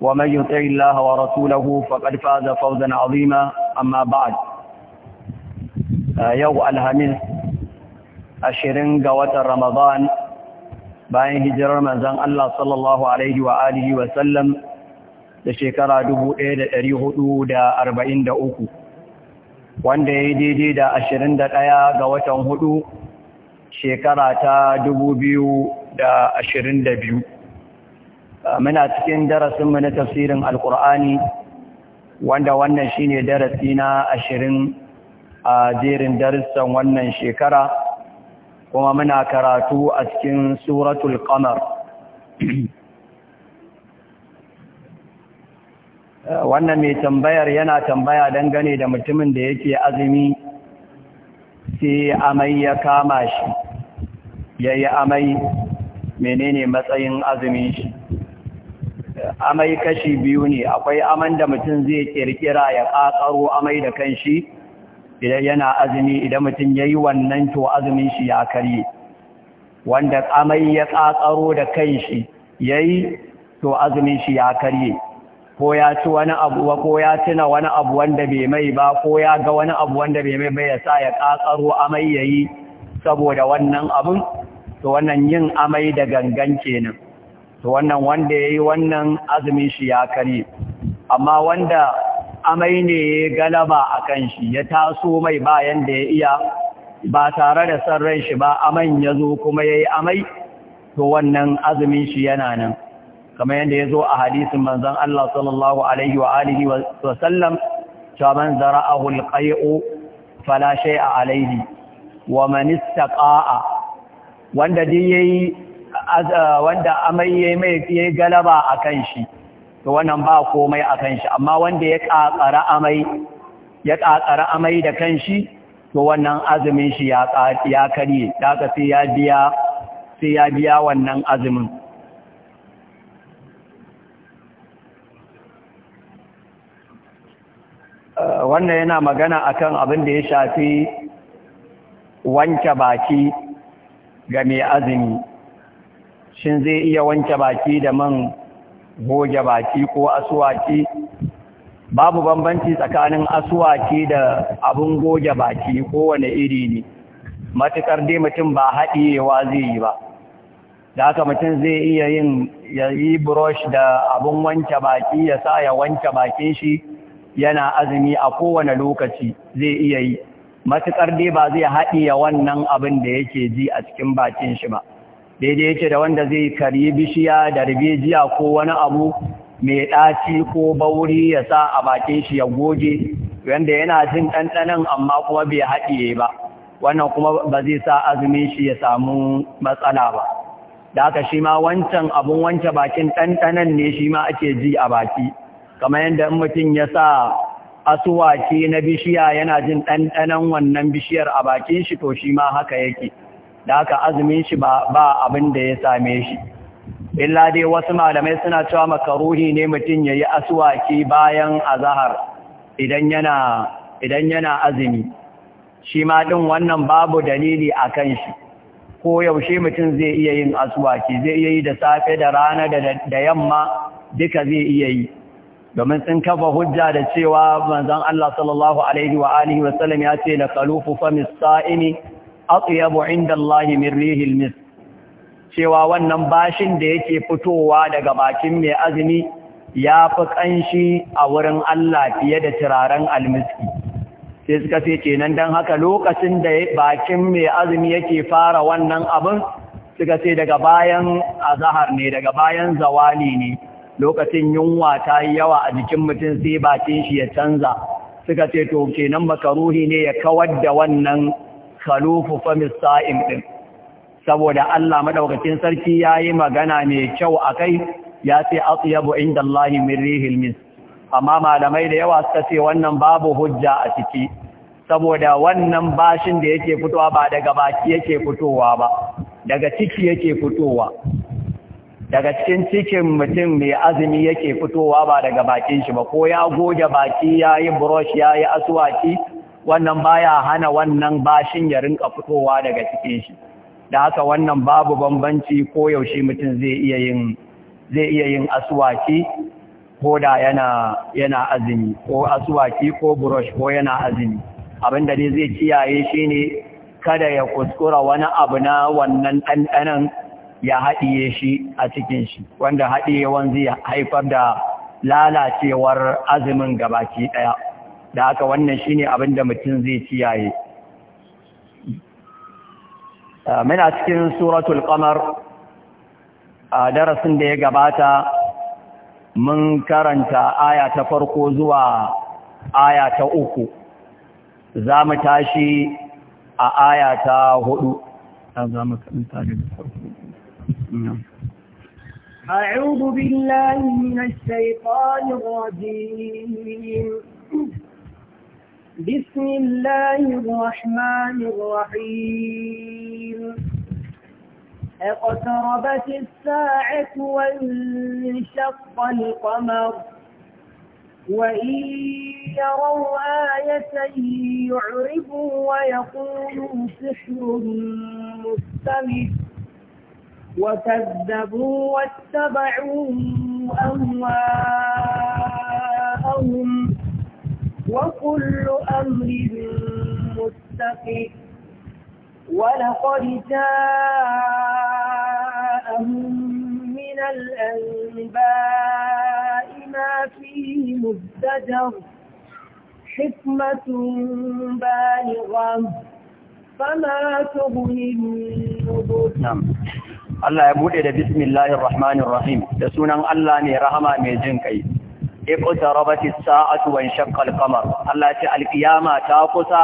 ومن يطع الله ورسوله فقد فاز فوزا عظيما أما بعد يو الهميس ashirin ga watan Ramadan bayan hijirar manzan Allah sallallahu Alaihi wa alihi da shekara 1443 wanda ya yi daidai da ashirin da ɗaya ga watan hudu shekara ta biyu. muna cikin darasinmu na tafsirin alkur'ani wanda wannan shine darasi na ashirin a jerin darussan wannan shekara kuma muna karatu a cikin suratul qamar wannan mai tambayar yana tambaya dangane da mutumin da yake azumi sai amai ya kama shi yayi amai menene matsayin azumin shi amai kashi biyu ne akwai aman da mutum zai kirkira ya ƙaƙaro amai da kanshi idan yana azumi idan mutum ya yi wannan to azumin shi ya karye wanda amai ya ƙaƙaro da kanshi ya yi to azumin shi ya karye ko ya ci wani abu ko ya tuna wani abu wanda bai mai ba ko ya ga wani abu wanda bai mai ba ya sa ya ƙaƙaro amai ya yi saboda wannan abun to wannan yin amai da gangan kenan to wannan wanda ya yi wannan azumin shi ya kare amma wanda amai ne ya galaba a kan shi ya taso mai bayan da ya iya ba tare da san ran shi ba aman ya zo kuma ya yi amai to wannan azumin shi yana nan kamar yadda ya zo a hadisin manzon Allah sallallahu alaihi wa’alihi alihi wa sallam cewa man zara'ahu o falashe a alaihi wa manista ƙa'a wanda ya yi. Eh, wanda amai ya mai fiye galaba a kan shi to wannan ba komai a kan shi amma wanda ya ƙaƙara amai ya ƙaƙara amai da kan shi to wannan azumin shi ya karye daga sai ya biya wannan azumin eh, wannan yana magana a kan abin da ya shafi wanke baki ga mai azumi shin zai iya wanke baki da man goge baki ko asuwaki babu bambanci tsakanin asuwaki da abun goge baki kowane iri ne matukar dai mutum ba haɗiyewa zai yi ba da haka mutum zai iya yin ya yi brush da abun wanke baki ya sa ya wanke bakin shi yana azumi a kowane lokaci zai iya yi matukar dai ba zai haɗiye wannan abin da yake ji a cikin bakin shi ba daidai yake da wanda zai karye bishiya da rubejiya ko wani abu mai ɗaci ko bauri ya sa a bakin shi ya goge wanda yana jin ɗanɗanan amma kuma bai haɗiye ba wannan kuma ba zai sa azumin shi ya samu matsala ba da haka shi ma wancan abun wancan bakin ɗanɗanan ne shi ma ake ji a baki kamar yadda in mutum ya sa asuwaki na bishiya yana jin ɗanɗanan wannan bishiyar a bakin shi to shi ma haka yake da aka azumin shi ba abin da ya same shi illa dai wasu malamai suna cewa makaruhi ne mutum ya yi asuwaki bayan azahar idan yana idan azumi shi ma ɗin wannan babu dalili a kan shi ko yaushe mutum zai iya yin asuwaki zai iya yi da safe da rana da yamma duka zai iya yi domin sun kafa hujja da cewa manzan Allah sallallahu alaihi wa’alihi wa sallam ya ce na kalufu famis sa'imi atyabu inda Allah min rihil mis cewa wannan bashin da yake fitowa daga bakin mai azumi ya fi kanshi a wurin Allah fiye da turaren almiski sai suka ce kenan don haka lokacin da bakin mai azumi yake fara wannan abin suka ce daga bayan azahar ne daga bayan zawali ne lokacin yunwa ta yi yawa a jikin mutum sai bakin shi ya canza suka ce to kenan makaruhi ne ya kawar da wannan kalufu famis sa'im ɗin saboda Allah maɗaukacin sarki yayi magana mai kyau a kai ya ce atyabu inda Allah min rihil mis amma malamai da yawa suka ce wannan babu hujja a ciki saboda wannan bashin da yake fitowa ba daga baki yake fitowa ba daga ciki yake fitowa daga cikin cikin mutum mai azumi yake fitowa ba daga bakin shi ba ko ya goge baki yayi yi brush ya aswaki wannan baya hana wannan bashin ya rinka fitowa daga cikin shi da haka wannan babu bambanci ko yaushe mutum zai iya yin zai iya yin aswaki ko da yana yana azumi ko aswaki ko brush ko yana azumi abinda ne zai kiyaye shi ne kada ya kuskura wani abu na wannan ɗanɗanan ya haɗiye shi a cikin shi wanda haɗiyewan zai haifar da lalacewar azumin gabaki ɗaya da aka wannan shine abin da mutum zai ciyaye. muna cikin suratul qamar a darasin da ya gabata mun karanta aya ta farko zuwa aya ta uku za mu tashi a aya ta hudu أعوذ بالله من الشيطان الرجيم بسم الله الرحمن الرحيم اقتربت الساعة وانشق القمر وإن يروا آية يعرضوا ويقولوا سحر مستمر وكذبوا واتبعوا أهواءهم وكل أمر مستقر ولقد جاءهم من الأنباء ما فيه مزدجر حكمة بالغة فما تغني النذر Allah ya buɗe da bismillahir rahmanir rahim da sunan Allah ne rahama mai jin kai iqtarabati as-sa'atu wa inshaqqa al-qamar Allah ce al-qiyama ta kusa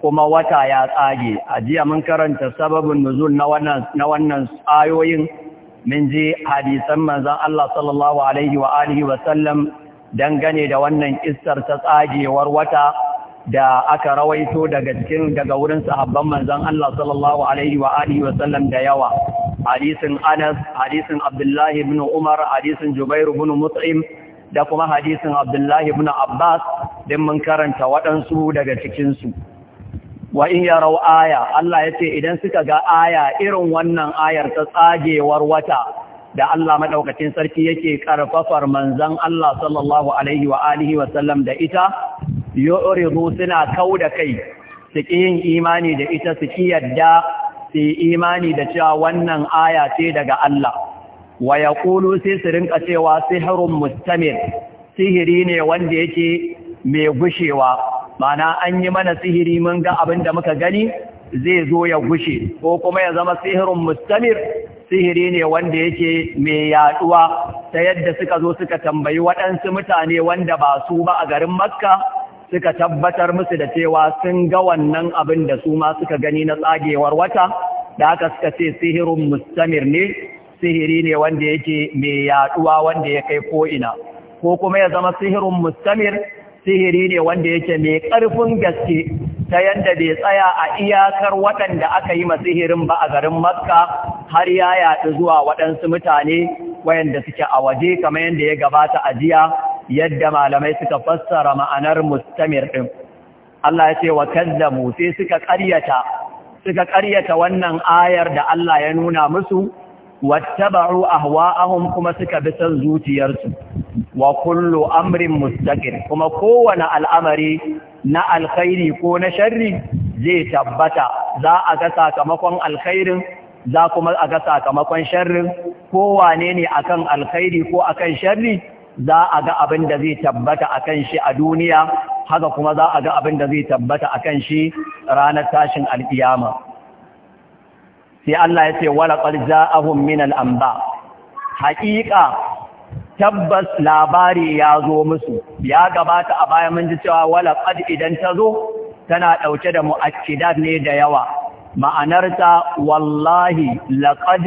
kuma wata ya tsage ajiya mun karanta sababin nuzul na wannan na wannan ayoyin mun ji hadisan manzon Allah sallallahu alaihi wa alihi wa sallam dangane da wannan kissar ta tsagewar wata da aka rawaito daga cikin daga wurin sahabban manzon Allah sallallahu alaihi wa alihi wa sallam da yawa hadisin Anas hadisin Abdullah ibn Umar hadisin Jubair ibn Mut'im da kuma hadisin Abdullahi ibn Abbas din mun karanta waɗansu daga cikinsu. Wa in yarau aya, Allah yace idan suka ga aya irin wannan ayar ta tsagewar wata da Allah maɗaukacin sarki yake ƙarfafar manzan Allah sallallahu Alaihi wa alihi da ita, yi'urizu suna kau da kai, su yin imani da ita su ƙi yadda su imani da cewa wannan aya ce daga Allah. wa ƙulu sai su rinka cewa sihirin mustamir sihiri ne wanda yake mai gushewa mana an yi mana sihiri mun ga abin da muka gani zai zo ya gushe ko kuma ya zama sihirin mustamir sihiri ne wanda yake mai yaduwa ta yadda suka zo suka tambayi waɗansu mutane wanda ba su ba a garin makka suka tabbatar musu da cewa sun ga wannan abin da su ma suka gani na tsagewar wata da haka suka ce sihirin mustamir ne sihiri ne wanda yake mai yaduwa wanda ya kai ko'ina ko kuma ya zama sihirin mustamir sihiri ne wanda yake mai ƙarfin gaske ta yadda bai tsaya a iyakar waɗanda aka yi sihirin ba a garin makka har ya yaɗu zuwa waɗansu mutane wayanda suke a waje kamar yadda ya gabata a jiya yadda malamai suka fassara ma'anar mustamir ɗin Allah ya ce wa kazzamu sai suka ƙaryata suka ƙaryata wannan ayar da Allah ya nuna musu wattaba'u ahwa'ahum kuma suka bi san zuciyarsu wa kullu amrin mustaqir kuma kowane al'amari na alkhairi ko na sharri zai tabbata za a ga sakamakon alkhairin za kuma a ga sakamakon sharrin kowane ne akan alkhairi ko akan sharri za a ga abin da zai tabbata akan shi a duniya haka kuma za a ga abin da zai tabbata akan shi ranar tashin alkiyama sai Allah ya ce wala ƙarja min al amba haƙiƙa tabbas labari ya zo musu ya gabata a baya mun ji cewa wala idan ta zo tana ɗauke da mu'akkidat ne da yawa ma'anarta wallahi laqad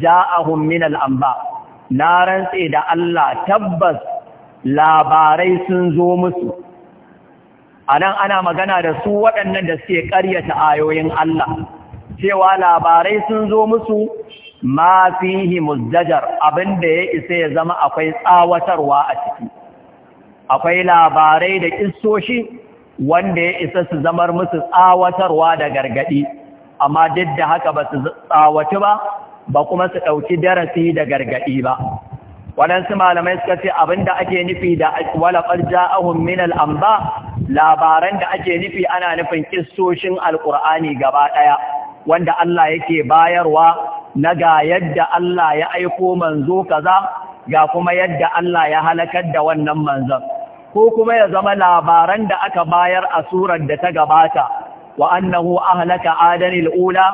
ja'ahum min al-anba na rantse da Allah tabbas labarai sun zo musu anan ana magana da su waɗannan da suke ƙaryata ayoyin Allah cewa labarai sun zo musu ma fihi muzdajar abinda ya isa ya zama akwai tsawatarwa a ciki akwai labarai da kissoshi wanda ya isa su zamar musu tsawatarwa da gargadi amma duk da haka ba su tsawatu ba ba kuma su ɗauki darasi da gargadi ba waɗansu malamai suka ce abinda ake nufi da walaƙar ja'ahun min al'amba labaran da ake nufi ana nufin kistoshin Alkur'ani gaba ɗaya wanda Allah yake bayarwa na ga yadda Allah ya aiko manzo kaza ga kuma yadda Allah ya halakar da wannan manzon ko kuma ya zama labaran da aka bayar a surar da ta gabata wa annahu ahlaka adanil ula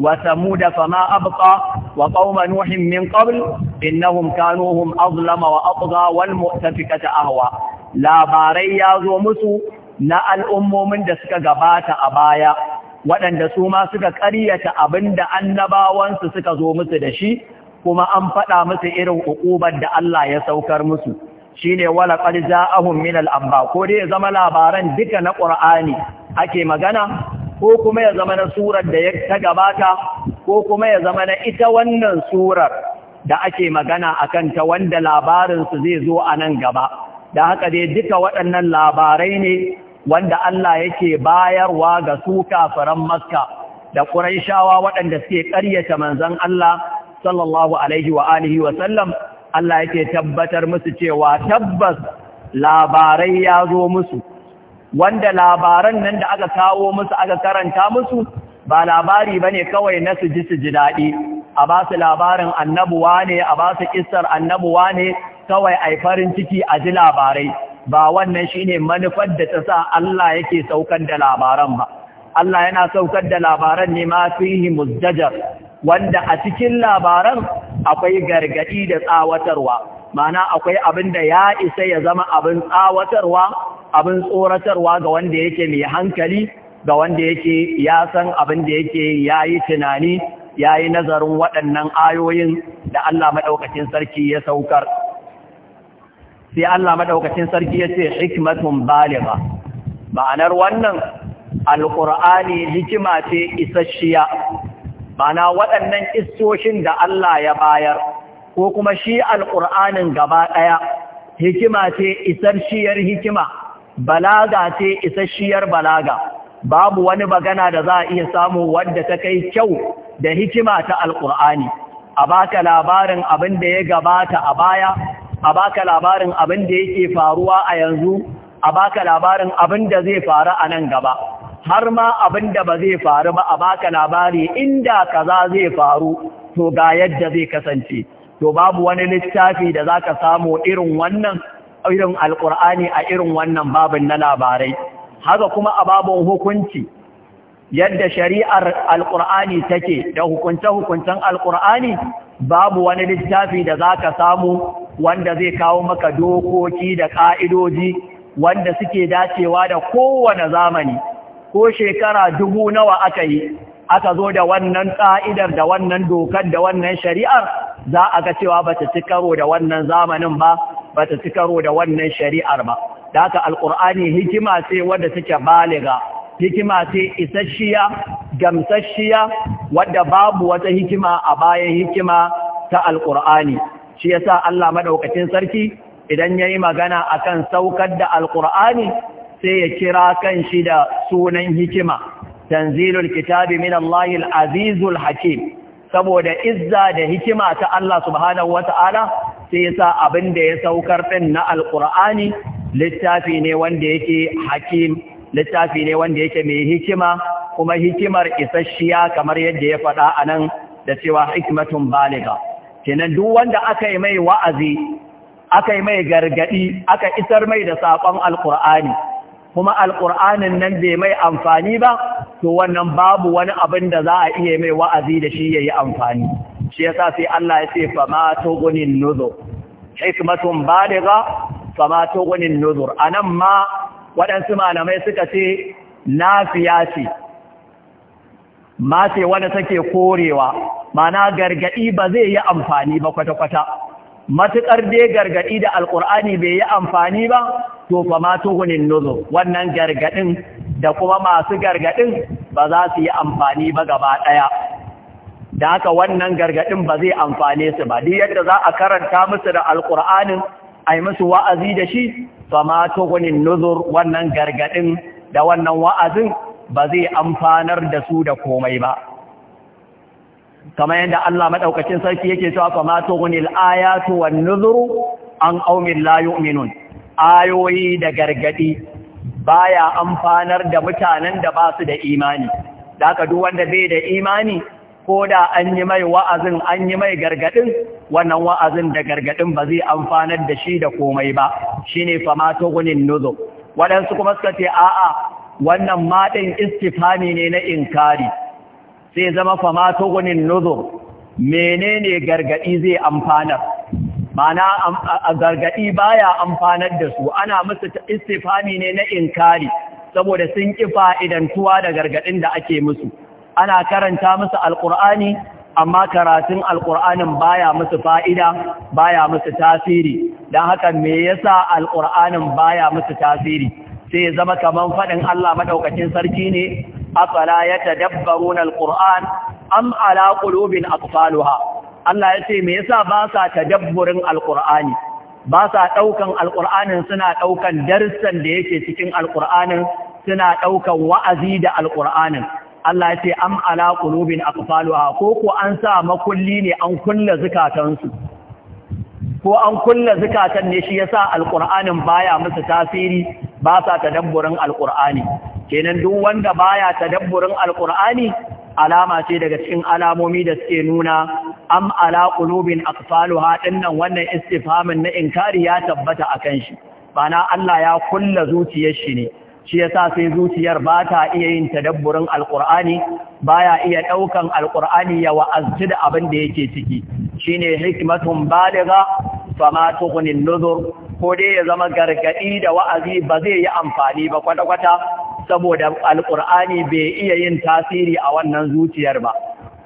wa samud ma abqa wa qauma nuhin min qabl innahum kanu hum azlama wa atgha wal mu'tafikata ahwa labarai ya zo musu na al'ummomin da suka gabata a baya waɗanda su ma suka ƙaryata abin da annabawansu suka zo musu da shi kuma an faɗa musu irin uƙubar da Allah ya saukar musu shi ne wala ƙarja ahun min al'amba ko dai ya zama labaran duka na ƙur'ani ake magana ko kuma ya zama na surar da ya ta gabata ko kuma ya zama na ita wannan surar da ake magana a kanta wanda labarinsu zai zo a nan gaba da haka dai duka waɗannan labarai ne wanda Allah yake bayarwa ga su kafiran Makka da ƙuraishawa waɗanda suke ƙaryata manzon Allah sallallahu alaihi wa alihi wa sallam Allah yake tabbatar musu cewa tabbas labarai ya zo musu wanda labaran nan da aka kawo musu aka karanta musu ba labari bane kawai na su ji su ji daɗi a ba su labarin annabuwa ne a ba su kissar annabuwa ne kawai yi farin ciki a ji labarai ba wannan shine manufar da ta sa Allah yake saukar da labaran ba Allah yana saukar da labaran ne ma fihi muzdajar wanda a cikin labaran akwai gargadi da tsawatarwa mana akwai abin da ya isa ya zama abin tsawatarwa abin tsoratarwa ga wanda yake mai hankali ga wanda yake ya san abin da yake ya yi tunani ya yi nazarin waɗannan ayoyin da Allah maɗaukacin sarki ya saukar. sai Allah madaukakin sarki yace hikmatun baligha ma'anar wannan alqur'ani hikima ce isasshiya Bana waɗannan istoshin da Allah ya bayar ko kuma shi alqur'anin gaba daya hikima ce isasshiyar hikima balaga ce isasshiyar balaga babu wani magana da za a iya samu wadda ta kai kyau da hikima ta alqur'ani a baka labarin abin da ya gabata a baya a baka labarin abin da yake faruwa a yanzu a baka labarin abin da zai faru a nan gaba har ma abin da ba zai faru ba a baka labari inda kaza zai faru to ga yadda zai kasance to babu wani littafi da zaka samu irin wannan irin alkur'ani a irin wannan babin na labarai haka kuma a babin hukunci yadda shari'ar alkur'ani take da hukunce-hukuncen alkur'ani babu wani littafi da zaka samu wanda zai kawo maka dokoki da ƙa'idoji wanda suke dacewa da kowane zamani ko shekara dubu nawa aka yi aka zo da wannan ƙa'idar da wannan dokar da wannan shari'ar za a ga cewa ba ta ci karo da wannan zamanin ba ba ta ci karo da wannan shari'ar ba da haka alƙur'ani hikima ce wadda take baliga hikima ce isasshiya gamsasshiya wadda babu wata hikima a bayan hikima ta alƙur'ani shi yasa Allah madaukakin sarki idan yayi magana akan saukar da alqur'ani sai ya kira kan shi da sunan hikima tanzilul kitabi min Allahil azizul hakim saboda izza da hikima ta Allah subhanahu wata'ala sai yasa abin da ya saukar din na alqur'ani littafi ne wanda yake hakim littafi ne wanda yake mai hikima kuma hikimar isasshiya kamar yadda ya faɗa anan da cewa hikmatun baliga kenan duk wanda aka yi mai wa'azi aka yi mai gargadi aka isar mai da saƙon alkur'ani kuma alkur'anin nan bai mai amfani ba to wannan babu wani abin da za a iya mai wa'azi da shi yayi amfani shi yasa sai Allah ya ce fama ma tugunin nuzur hikmatun baligha fa ma tugunin nuzur nan ma waɗansu malamai suka ce nafiya ce ma ce wanda sake korewa mana gargadi ba zai yi amfani ba kwata-kwata Matuƙar dai gargadi da alkur'ani bai yi amfani ba to fa ma tuhunin wannan gargadin da kuma masu gargadin ba za su yi amfani ba gaba ɗaya. da haka wannan gargadin ba zai amfane su ba duk yadda za a karanta musu da alkur'anin a musu wa'azi da shi fa ma tuhunin nuzur wannan gargadin da wannan wa'azin ba zai amfanar da su da komai ba kamar yadda Allah madaukakin sarki yake cewa fa ma tughnil ayatu wan nuzuru an qaumin la yu'minun ayoyi da gargadi baya amfanar da mutanen da ba su da imani daga duk wanda bai da imani ko da an yi mai wa'azin an yi mai gargadin wannan wa'azin da gargadin ba zai amfanar da shi da komai ba shine fa ma tughnin nuzur Wadansu kuma suka ce a'a wannan maɗin istifami ne na inkari sai zama fama tugunin nuzur menene gargadi zai amfanar mana gargadi baya amfanar da su ana musu istifami ne na inkari saboda sun ki tuwa da gargadin da ake musu ana karanta musu alqur'ani amma karatun alqur'anin baya musu fa'ida baya musu tasiri dan haka me yasa alqur'anin baya musu tasiri sai zama kaman faɗin Allah maɗaukacin sarki ne afala yatadabbaruna alquran am ala qulubin aqfaluha Allah ya ce me yasa ba sa tadabburin al’ur’ani ba sa ɗaukan al’ur’anin suna ɗaukan darussan da yake cikin al’ur’anin suna ɗaukan wa'azi da al’ur’anin Allah ya ce am ala qulubin ko ko an sa makulli ne an kulla zukatansu ko an kulla zukatan ne shi yasa alqur'anin baya musu tasiri ba sa tadabburin alqur'ani kenan duk wanda baya tadabburin alqur'ani alama ce daga cikin alamomi da suke nuna am ala qulubin aqfaluha dinnan wannan istifhamin na inkari ya tabbata akan shi bana Allah ya kulla zuciyar shi ne shi yasa sai zuciyar ba ta iya yin tadabburin alqur'ani baya iya daukan alqur'ani ya wa'azzi da abin da yake ciki shine hikmatun baliga fama tughni an-nuzur ko dai ya zama gargaɗi da wa'azi ba zai yi amfani ba kwata-kwata saboda Alƙur'ani bai iya yin tasiri a wannan zuciyar ba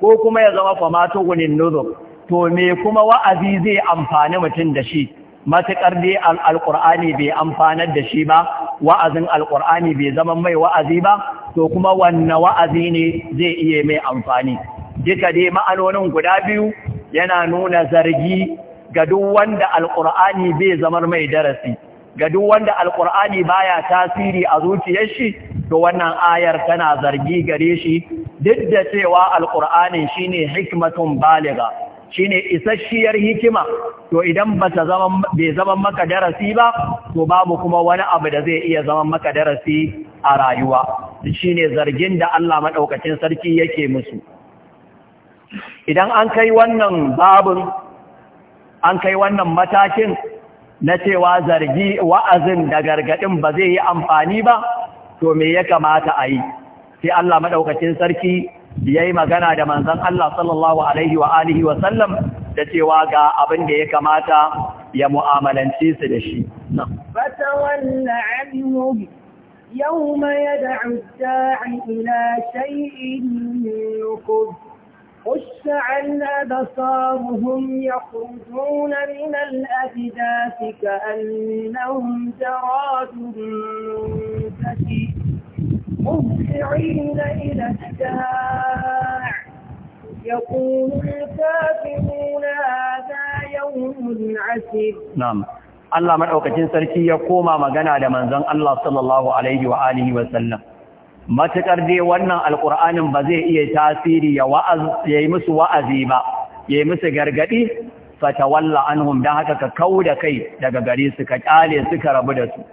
ko kuma ya zama famatugunin nuzur to me kuma wa'azi zai amfani mutum da shi matuƙar dai alkur'ani bai amfanar da shi ba wa'azin Alƙur'ani bai zama mai wa'azi ba to kuma wanne wa'azi ne zai iya mai amfani duka dai ma'anonin guda biyu yana nuna zargi ga duk wanda alqur'ani bai zamar mai darasi ga duk wanda alqur'ani baya tasiri a zuciyar shi to wannan ayar tana zargi gare shi duk da cewa alqur'anin shine hikmatun baliga, shine isasshiyar hikima to idan bata zaman bai zaman maka darasi ba to babu kuma wani abu da zai iya zaman maka darasi a rayuwa shine zargin da Allah madaukakin sarki yake musu idan an kai wannan babun an kai wannan matakin na cewa zargi wa'azin da gargadin ba zai yi amfani ba to me ya kamata a yi sai Allah madaukakin sarki yayi magana da manzon Allah sallallahu alaihi wa alihi wa sallam da cewa ga abin da ya kamata ya mu'amalance su da shi fatawalla anhum yawma yad'u da'i ila shay'in yukhzih خشعا أبصارهم يخرجون من الأجداث كأنهم جراد منتشر مهطعين إلى الداع يقول الكافرون هذا يوم عسير نعم Allah madaukakin sarki ya koma magana da manzon Allah sallallahu alaihi wa alihi wa sallam matuƙar dai wannan alƙur'anin ba zai iya tasiri ya yi musu wa'azi ba ya yi musu gargaɗi fatawalla anhum don haka ka kau da kai daga gari su ka ƙyale su ka rabu da su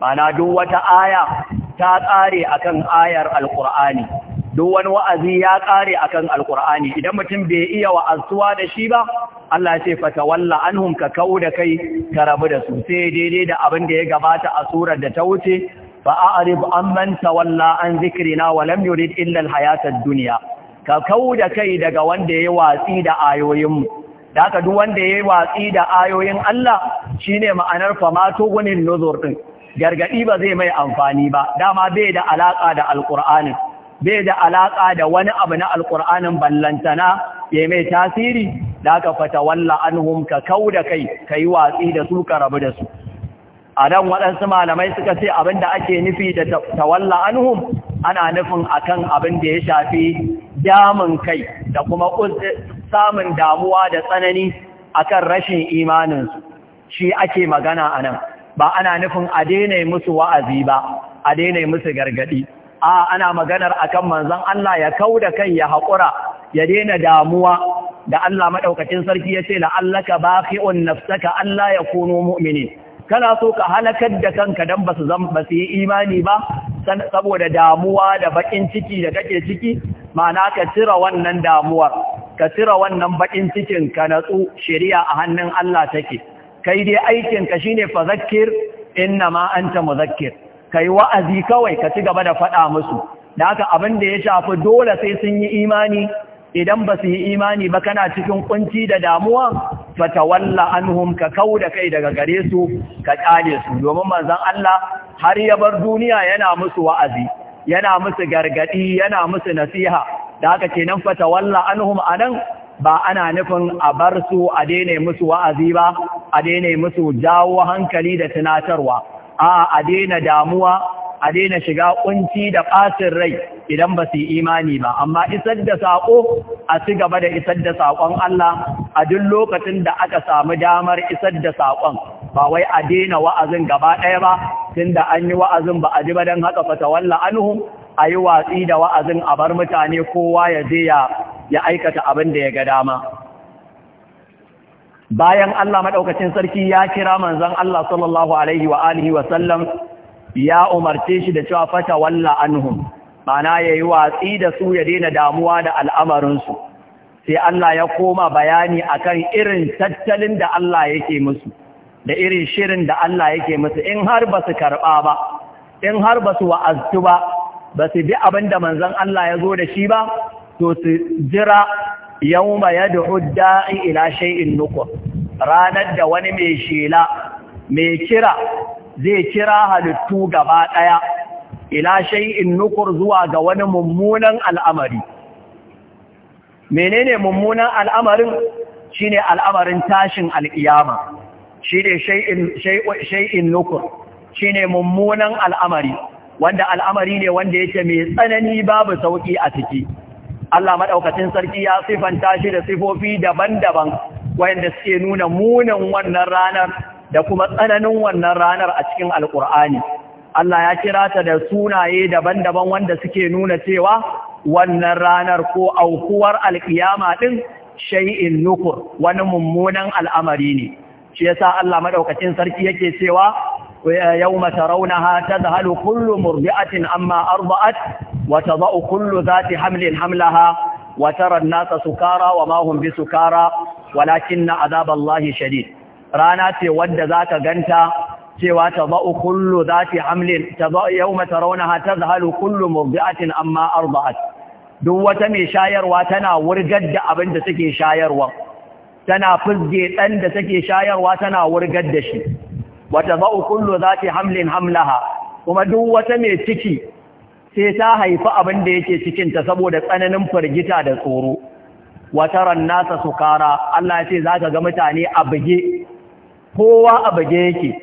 mana duk wata aya ta kare akan ayar alƙur'ani duk wani wa'azi ya kare akan alƙur'ani idan mutum bai iya wa'azuwa da shi ba Allah ya ce fatawalla anhum ka kau da kai ka rabu da su sai daidai da abin da ya gabata a surar da ta wuce fa'arib amman tawalla an zikirina wa lam yurid illal hayatar duniya. Ka kau da kai daga wanda yayi watsi da ayoyinmu. da haka duk wanda yayi watsi da ayoyin Allah shine ma'anar famato gunin nuzur din Gargaɗi ba zai mai amfani ba dama bai da alaƙa da alqur'ani bai da alaƙa da wani abu na alqur'anin ballantana ya mai tasiri da aka fata walla anhum ka da kai yi watsi da su ka rabu da su a nan waɗansu malamai suka ce abin da ake nufi da tawalla anhum ana nufin akan abin da ya shafi damun kai da kuma samun damuwa da tsanani akan rashin imaninsu shi ake magana a nan ba ana nufin a daina musu wa'azi ba a daina musu gargadi a ana maganar akan manzon Allah ya kauda kai ya haƙura ya daina damuwa da Allah maɗaukacin sarki ya yace la'allaka baqi'un nafsaka Allah ya kunu mu'minin kana so ka halakar da kanka dan ba su yi imani ba saboda damuwa da bakin ciki da kake ciki ma'ana ka cire wannan damuwar ka cire wannan bakin cikin ka natsu shari'a a hannun Allah take kai dai aikin ka shine fa zakkir inna ma anta muzakkir kai wa'azi kawai ka ci gaba da faɗa musu da haka abin da ya shafi dole sai sun yi imani idan ba su yi imani ba kana cikin kunci da damuwa fatawalla anhum ka kauda kai daga gare su ka kyale su domin manzon Allah har ya bar duniya yana musu wa'azi yana musu gargadi yana musu nasiha da haka kenan hum a nan, ba ana nufin a bar su a daina musu wa'azi ba a daina musu jawo hankali da tunatarwa a a daina damuwa a daina shiga kunci da ɓacin rai idan ba su yi imani ba amma isar da saƙo a ci gaba da isar da saƙon Allah a duk lokacin da aka samu damar isar da saƙon ba wai a daina wa'azin gaba ɗaya ba tunda an yi wa'azin ba a ji ba don haka fata walla anhu a yi watsi da wa'azin a bar mutane kowa ya je ya aikata abin da ya ga dama bayan Allah maɗaukacin sarki ya kira manzon Allah sallallahu alaihi wa wa sallam ya umarce shi da cewa fata walla anhum mana yayi watsi da su ya daina damuwa da al'amarin su sai Allah ya koma bayani akan irin tattalin da Allah yake musu da irin shirin da Allah yake musu in har ba su karɓa ba in har ba su wa'azzu ba ba su bi abin da manzon Allah ya zo da shi ba to su jira yawma yad'u da'i ila shay'in nukur ranar da wani mai shela mai kira zai kira halittu gaba ɗaya ila shay'in nukur zuwa ga wani mummunan al'amari menene mummunan al'amarin shine al'amarin tashin al'iyama shine shay'in shay'in nukur shine mummunan al'amari wanda al'amari ne wanda yake mai tsanani babu sauki a ciki Allah maɗaukacin sarki ya sifanta shi da sifofi daban-daban wanda suke nuna munin wannan ranar da kuma tsananin wannan ranar a cikin alkur'ani Allah ya kira ta da sunaye daban-daban wanda suke nuna cewa wannan ranar ko aukuwar alkiyama ɗin shay'in nukur wani mummunan al'amari ne shi yasa Allah maɗaukacin sarki yake cewa yau yawma tarawnaha tadhhalu kullu murbi'atin amma arba'at, wata tada'u kullu zata hamlin hamlaha wa tara an sukara wa ma sukara walakin na azaballahi shadid rana ce wadda za ka ganta cewa ta za'u kullu za ta hamlin ta za'u yau mata raunaha ta zahalu kullu murbi'atin amma arba'at duk wata mai shayarwa tana wurgar da abin da suke shayarwa tana fizge ɗan da take shayarwa tana wurgar da shi wata za'u kullu za ta hamlin hamlaha kuma duk wata mai ciki sai ta haifi abin da yake cikinta saboda tsananin firgita da tsoro wataran nasa sukara Allah ya ce za ka ga mutane a buge kowa a bage yake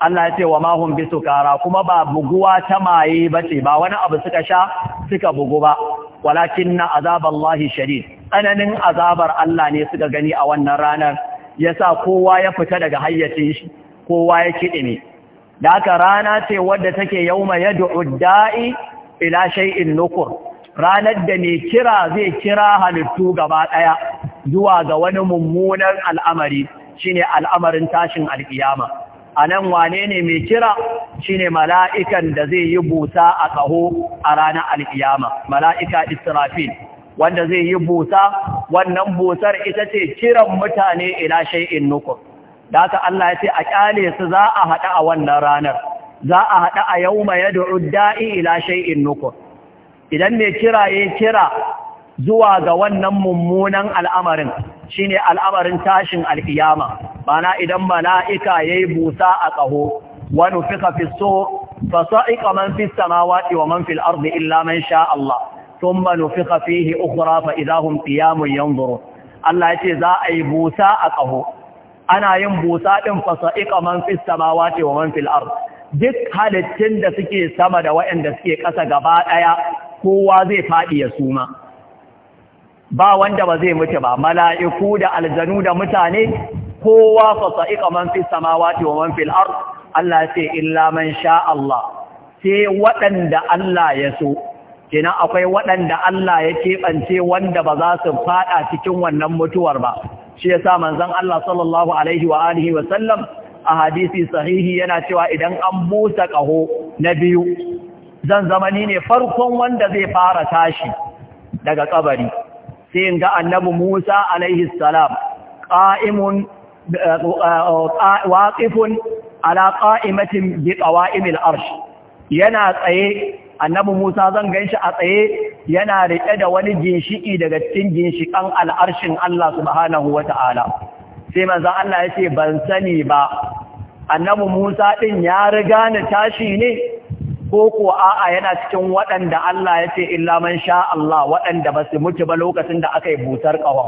Allah ya ce wa su bisukara kuma ba buguwa ta maye bace ba wani abu suka sha suka bugu ba walakinna azaballahi shadid tsananin azabar Allah ne suka gani a wannan ranar yasa kowa ya fita daga hayyacin shi kowa ya kidime da haka rana ce wadda take yauma yad'u da'i ila shay'in nukur ranar da mai kira zai kira halittu gaba daya zuwa ga wani mummunan al'amari shine al'amarin tashin alkiyama anan wane ne mai kira shine mala'ikan da zai yi busa a kaho a ranar alkiyama mala'ika israfil wanda zai yi busa wannan busar ita ce kiran mutane ila shay'in nukur. da haka Allah ya ce a kyale su za a haɗa a wannan ranar za a haɗa a yau yad'u da'i ila shay'in nukur. idan mai kira ya kira zuwa ga wannan mummunan al'amarin shine al'amarin tashin alkiyama bana idan mala'ika yayi busa a kaho wani nufika fi so fa man fi samawati wa man fil ardi illa man sha Allah thumma nufika fihi ukhra fa idahum qiyamun yanzurun Allah yace za a yi busa a kaho ana yin busa ɗin fa sa'iqa man fi samawati wa man fil duk halittun da suke sama da waɗanda suke ƙasa gaba ɗaya kowa zai faɗi ya suma ba wanda ba zai mutu ba mala'iku da aljanu da mutane kowa fasa'iqa man fis samawati wa man fil Allah sai illa man sha Allah sai waɗanda Allah ya so kenan akwai waɗanda Allah ya keɓance wanda ba za su fada cikin wannan mutuwar ba shi yasa manzon Allah sallallahu alaihi wa alihi wa sallam a hadisi sahihi yana cewa idan an busa ƙaho na biyu zan zama ni ne farkon wanda zai fara tashi daga kabari sai ga annabi Musa alaihi salam qa'imun eh, eh, waqifun ala qa'imatin bi qawa'imil arsh yana tsaye annabi Musa zan ganshi a tsaye yana rike da wani ginshiki daga cikin ginshikan al'arshin Allah subhanahu wata'ala sai manzo Allah yace ban sani ba annabi Musa din ya riga ni tashi ne ko ko a'a yana cikin waɗanda Allah ya ce illa man sha Allah waɗanda ba su mutu ba lokacin da aka yi butar ƙawon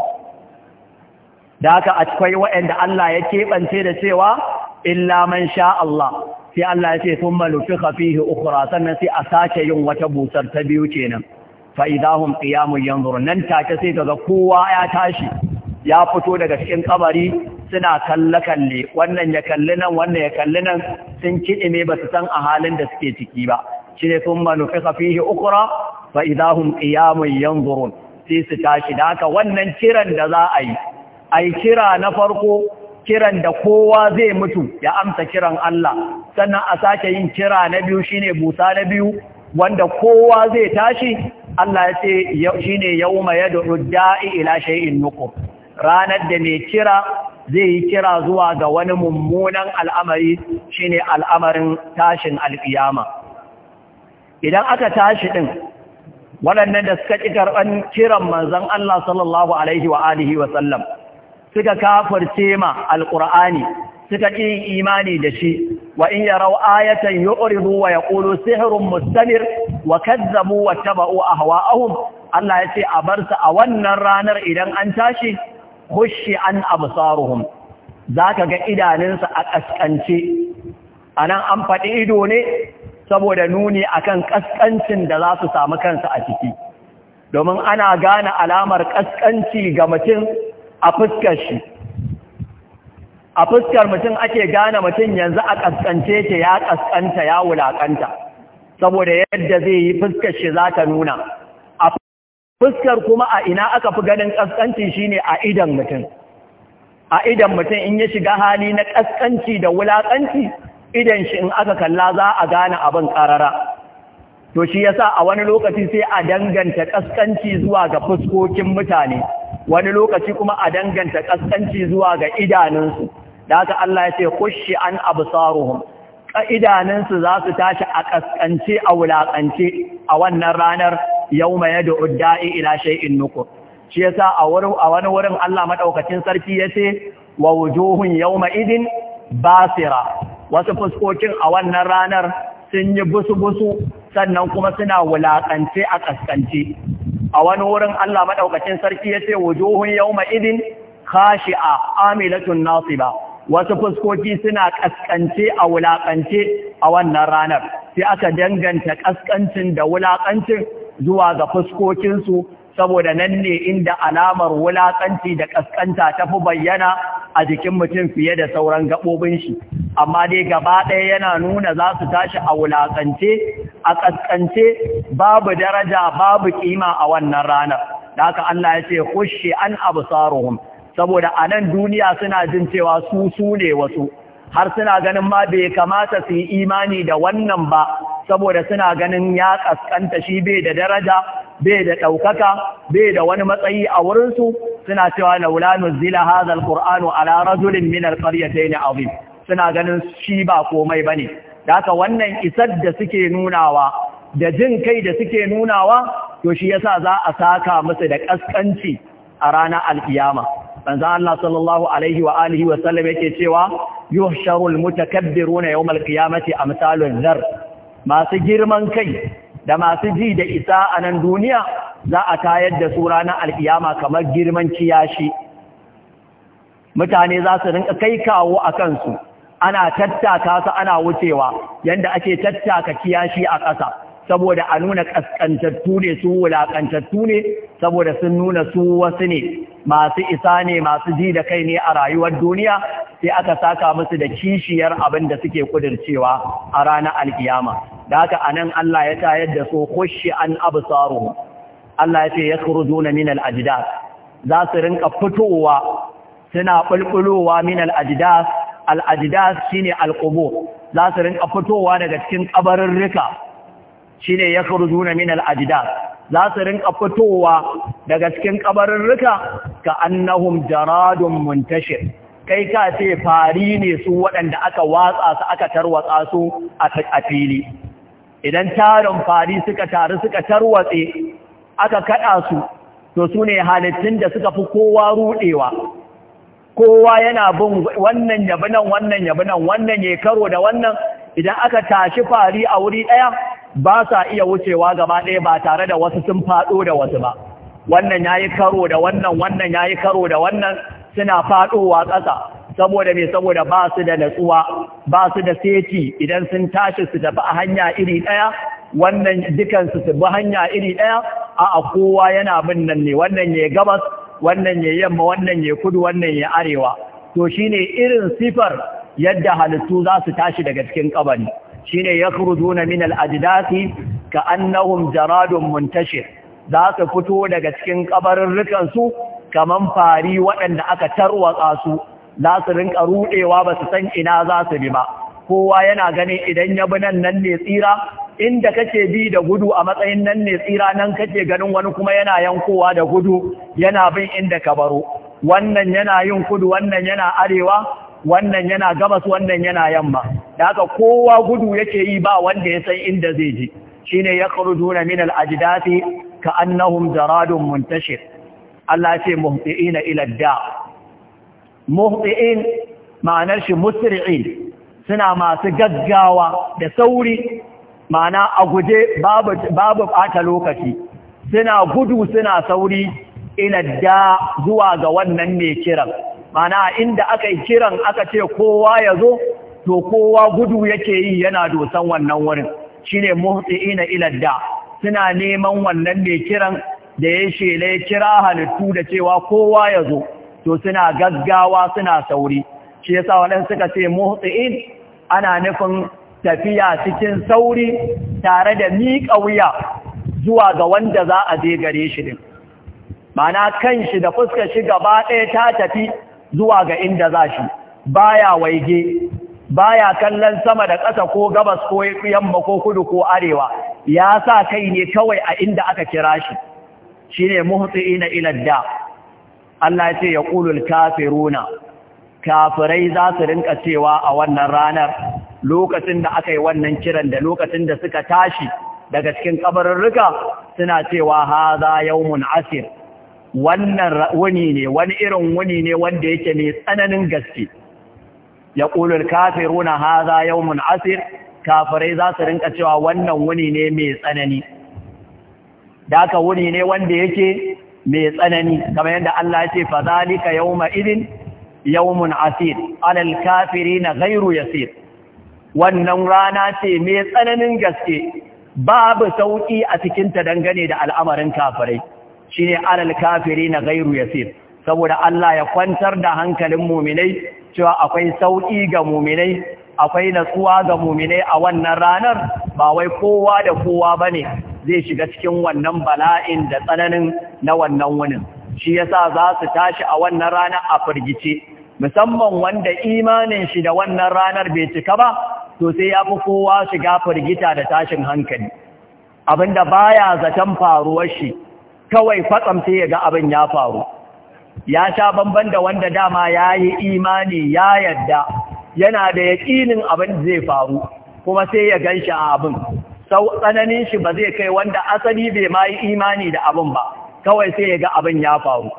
da haka akwai waɗanda Allah ya keɓance da cewa illa man sha Allah sai Allah ya ce sun malufi fihi ukura sannan sai a sake yin wata busar ta biyu kenan fa idahum qiyamun nan take sai ga kowa ya tashi ya fito daga cikin kabari suna kalle-kalle wannan ya kalli nan wannan ya kalli nan sun kiɗime ba su san a halin da suke ciki ba shi ne sun manufi fihi ukura fa idahun ƙiyamun yanzurun sai su tashi da haka wannan kiran da za a yi a yi kira na farko kiran da kowa zai mutu ya amsa kiran Allah sannan a sake yin kira na biyu shine busa na biyu wanda kowa zai tashi Allah ya ce shine yauma yad'u da'i ila shay'in nukum ranar da mai kira zai yi kira zuwa ga wani mummunan al'amari shine al'amarin tashin al'iyama idan aka tashi ɗin waɗannan da suka ƙi karɓar kiran manzon Allah sallallahu alaihi wa alihi sallam suka kafirce ma alƙur'ani suka ƙi imani da shi wa in yarau ayatan yu'ridu wa yaqulu sihrun mustamir wa kadzabu wa tabau ahwa'ahum Allah ya ce a bar a wannan ranar idan an tashi hushi an absaruhum zaka ga idanunsa a kaskance anan an faɗi ido ne saboda nuni akan kaskancin da za su samu kansa a ciki domin ana gane alamar kaskanci ga mutum a fuskar shi a fuskar mutum ake gane mutum yanzu a kaskance ke ya kaskanta ya wulakanta saboda yadda zai yi fuskar shi za nuna fuskar kuma a ina aka fi ganin shi shine a idan mutum a idan mutum in ya shiga hali na ƙasƙanci da wulakanci idan shi in aka kalla za a gane abin ƙarara? to shi yasa a wani lokaci sai a danganta ƙasƙanci zuwa ga fuskokin mutane wani lokaci kuma a danganta ƙasƙanci zuwa ga idanunsu da haka Allah ya ce kushi an absaruhum idanunsu za su tashi a ƙasƙance a wulaƙance, a wannan ranar yawma yad'u da'i ila shay'in nukur shi yasa a a wani wurin Allah madaukakin sarki yace wa wujuhun yawma idin basira wasu fuskokin a wannan ranar sun yi busu-busu sannan kuma suna wulaƙance a kaskance a wani wurin Allah madaukakin sarki yace wujuhun yawma idin khashi'a amilatun nasiba wasu fuskoki suna kaskance a wulaƙance a wannan ranar sai aka danganta kaskancin da wulakancin zuwa ga fuskokinsu saboda nan ne inda alamar wulakanci da ƙasƙanta ta fi bayyana a jikin mutum fiye da sauran gaɓoɓin shi amma dai gaba ɗaya yana nuna za su tashi a wulakance a ƙasƙance, babu daraja babu ƙima a wannan ranar da haka Allah ya ce hushi an absaruhum saboda a nan duniya suna jin cewa su su ne wasu har suna ganin ma bai kamata su yi imani da wannan ba saboda suna ganin ya kaskanta shi bai da daraja bai da ɗaukaka bai da wani matsayi a wurinsu suna cewa laula nuzila hadha alqur'anu ala rajulin min alqaryatayn azim suna ganin shi ba komai bane da haka wannan isar da suke nunawa da jin kai da suke nunawa to shi yasa za a saka musu da kaskanci a ranar alkiyama manzo Allah sallallahu alaihi wa alihi wa sallam yake cewa yuhsharul mutakabbiruna yawmal qiyamati amsalun zar masu girman kai da masu ji da isa a nan duniya za a tayar da su na alkiyama kamar girman kiyashi mutane za su rinka kai kawo a kansu ana tattaka su ana wucewa yadda ake tattaka kiyashi a ƙasa saboda a nuna kaskantattu ne su wulaƙantattu ne saboda sun nuna su wasu ne masu isa ne masu ji da kai ne a rayuwar duniya sai aka saka musu da kishiyar abin da suke kudircewa a ranar alkiyama da haka anan Allah ya tayar da su khushi an absaru Allah ya ce yakhrujuna min al za su rinka fitowa suna bulbulowa min al Al'ajida al shine al-qubur za su rinka fitowa daga cikin kabarin rika shine ya yakhrujuna min al-ajdad za su rinka fitowa daga cikin kabarurruka ka annahum jaradun muntashir kai ka ce fari ne su waɗanda aka watsa su aka tarwatsa su a fili idan tarin fari suka taru suka tarwatse aka kaɗa su to su ne halittun da suka fi kowa ruɗewa kowa yana bin wannan yabi nan wannan yabi nan wannan ya karo da wannan idan aka tashi fari a wuri ɗaya ba sa iya wucewa gaba ɗaya ba tare da wasu sun faɗo da wasu ba wannan ya yi karo da wannan wannan ya yi karo da wannan suna faɗowa ƙasa saboda me saboda ba su da natsuwa ba su da seti idan sun tashi su tafi a hanya iri ɗaya wannan dukansu su bi hanya iri ɗaya a kowa yana bin nan ne wannan ya gabas wannan ya yamma wannan ya kudu wannan ya arewa to shine irin sifar yadda halittu za su tashi daga cikin ƙabari. shine yakhrujuna min al-ajdasi ka'annahum jaradun muntashir za su fito daga cikin kabarurrukan su kaman fari waɗanda aka tarwatsa su za su rinka rudewa ba su san ina za su bi ba kowa yana ganin idan ya bi nan nan ne tsira inda kake bi da gudu a matsayin nan ne tsira nan kake ganin wani kuma yana yankowa da gudu yana bin inda ka baro wannan yana yin kudu wannan yana arewa wannan yana gabas wannan yana yamma da haka kowa gudu yake yi ba wanda ya san inda zai ji shine ya qurduna min al-ajdati annahum jaradun muntashir Allah ce muhti'ina ila da muhti'in ma'anar shi musri'in suna masu gaggawa da sauri ma'ana a guje babu babu bata lokaci suna gudu suna sauri ila da zuwa ga wannan mai kiran mana inda aka yi kiran aka ce kowa ya zo to kowa gudu yake yi yana dosan wannan wurin shine muhtiina ina da suna neman wannan mai kiran da ya shele kira halittu da cewa kowa ya zo to suna gaggawa suna sauri shi ya sa waɗansu suka ce in? ana nufin tafiya cikin sauri tare da miƙa wuya zuwa ga wanda za a je gare shi din ma'ana kan shi da fuskar shi gaba ɗaya ta tafi zuwa ga inda za shi baya waige baya kallon sama da ƙasa ko gabas ko yamma ko kudu ko arewa ya sa kai ne kawai a inda aka kira shi shine muhtiina ila da Allah ya ce ya qulul kafiruna kafirai za su rinka cewa a wannan ranar lokacin da aka yi wannan kiran da lokacin da suka tashi daga cikin rika suna cewa haza yawmun asir wannan wuni ne wani irin wuni ne wanda yake mai tsananin gaske ya ƙulul kafiruna haza yawmun asir kafirai za su rinka cewa wannan wuni ne mai tsanani daka wuni ne wanda yake mai tsanani kamar yadda Allah ya ce fadhalika yawma Yau mun asir alal kafirina ya yasir wannan rana ce mai tsananin gaske babu sauƙi a cikinta dangane da al'amarin kafirai Shi ne alal kafiri na gairu ya sir saboda Allah ya kwantar da hankalin muminai cewa akwai sauƙi ga muminai akwai natsuwa ga muminai a wannan ranar ba wai kowa da kowa ba ne. zai shiga cikin wannan bala'in da tsananin na wannan wunin shi ya sa za su tashi a wannan ranar a firgice musamman wanda imanin shi da wannan ranar bai cika ba to sai ya fi kowa shiga firgita da tashin hankali abinda baya zaton faruwar shi kawai fatsam sai ya ga abin ya faru ya sha bamban da wanda dama ya yi imani ya yadda yana da yaƙinin abin zai faru kuma sai ya gan shi a abin sau tsananin shi ba zai kai wanda asali bai ma yi imani da abin ba kawai sai ya ga abin ya faru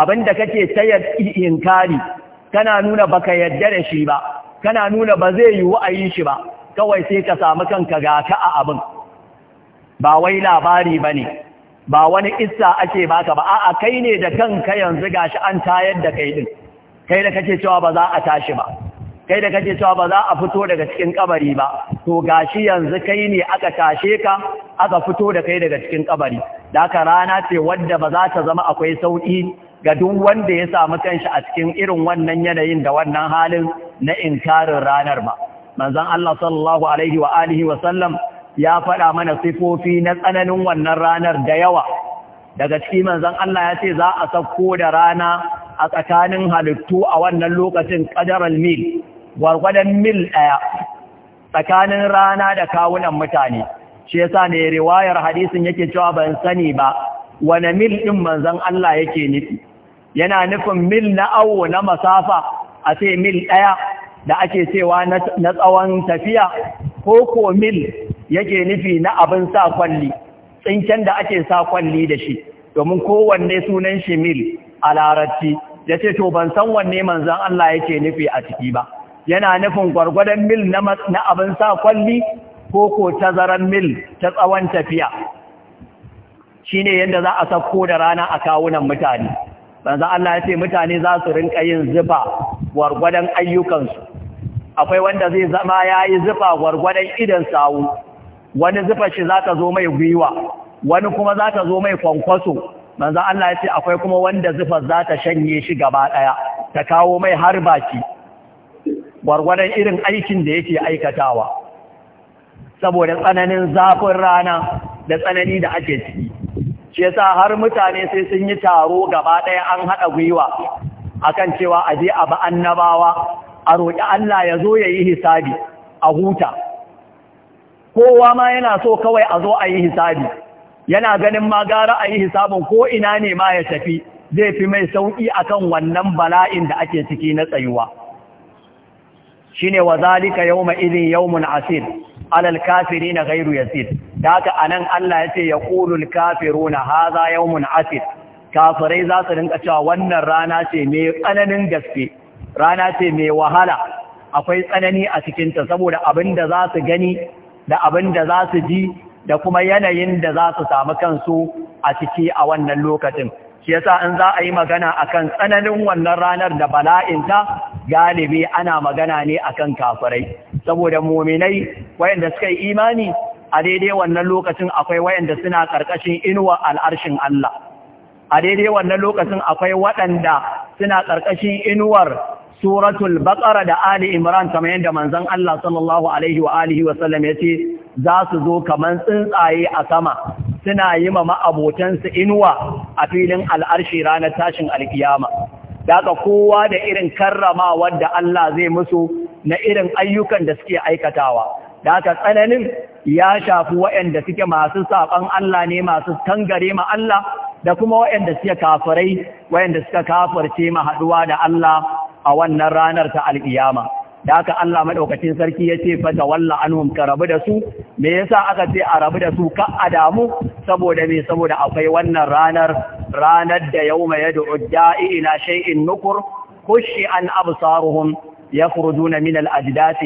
abin da kake ta inkari kana nuna ba ka yadda da shi ba kana nuna ba zai yi wa'ayin shi ba kawai sai ka samu kanka ga ka a abin ba wai labari ba ne ba wani isa ake baka ba a'a kai ne da kanka yanzu gashi an tayar da kai din kai da kake cewa ba za a tashi ba kai da kake cewa ba za a fito daga cikin kabari ba to gashi yanzu kai ne aka tashe ka aka fito da kai daga cikin kabari da ka rana ce wadda ba za ta zama akwai sauki ga duk wanda ya samu kanshi a cikin irin wannan yanayin da wannan halin na inkarin ranar ba manzon Allah sallallahu alaihi wa alihi wa sallam ya faɗa mana sifofi na tsananin wannan ranar da yawa daga ciki manzon Allah ya ce za a sauko da rana a tsakanin halittu a wannan lokacin ƙadarar mil gwargwadon mil ɗaya tsakanin rana da kawunan mutane shi yasa ne riwayar hadisin yake cewa ban sani ba wane mil ɗin manzon Allah yake nufi yana nufin mil na awo na masafa a ce mil ɗaya da ake cewa na tsawon tafiya ko ko mil yake nufi na abin sa kwalli tsinken da ake sa kwalli da shi domin kowanne sunan shi mil a larabci ya ce to ban san wanne manzan Allah yake nufi a ciki ba yana nufin gwargwadon mil na abin sa kwalli ko ko tazaran mil ta tsawon tafiya shine yadda za a sako da rana a kawunan mutane banza Allah ya ce mutane za su rinka yin zufa gwargwadon ayyukansu akwai wanda zai zama ya yi zufa gwargwadon idan sawu wani zufa shi ta zo mai gwiwa wani kuma za ta zo mai kwankwaso manzo Allah ya ce akwai kuma wanda zufa za ta shanye shi gaba daya ta kawo mai har baki gwargwadon irin aikin da yake aikatawa saboda tsananin zafin rana da tsanani da ake ciki shi yasa har mutane sai sun yi taro gaba ɗaya an haɗa gwiwa akan cewa a je a ba annabawa a roƙi Allah ya zo ya yi hisabi a huta kowa ma yana so kawai a zo a yi hisabi yana ganin ma gara a yi hisabin ko ina ne ma ya tafi zai fi mai sauƙi a kan wannan bala'in da ake ciki na tsayuwa shine wa zalika izin yau mun asir alal kafiri na gairu ya sir da haka anan Allah ya ya ce yace na na yau mun asir kafirai za su rinka cewa wannan rana ce mai tsananin gaske rana ce mai wahala akwai tsanani a cikinta saboda abin da za su gani da abin da za su ji da kuma yanayin da za su samu kansu a ciki a wannan lokacin shi yasa in za a yi magana akan tsananin wannan ranar da bala'inta galibi ana magana ne akan kafirai saboda muminai wayanda suka yi imani a daidai wannan lokacin akwai wayanda suna karkashin inuwa al'arshin Allah a daidai wannan lokacin akwai waɗanda suna ƙarƙashin inuwar suratul baqara da ali imran kamar yadda manzon Allah sallallahu alaihi wa alihi wa sallam yace za su zo kamar tsuntsaye a sama suna yi ma ma'abotansu inuwa a filin al'arshi ranar tashin alkiyama daga kowa da irin karrama wadda Allah zai musu na irin ayyukan da suke aikatawa daga tsananin ya shafi waɗanda suke masu saɓan Allah ne masu tangare ma Allah da kuma waɗanda suke kafirai waɗanda suka kafarce ma haɗuwa da Allah a wannan ranar ta alƙiyama da haka Allah maɗaukacin sarki yace fa tawalla anhum ka rabu da su me yasa aka ce a rabu da su ka damu saboda me saboda akwai wannan ranar ranar da yawma yad'u da'i ila shay'in nukur khushi an absaruhum na minal al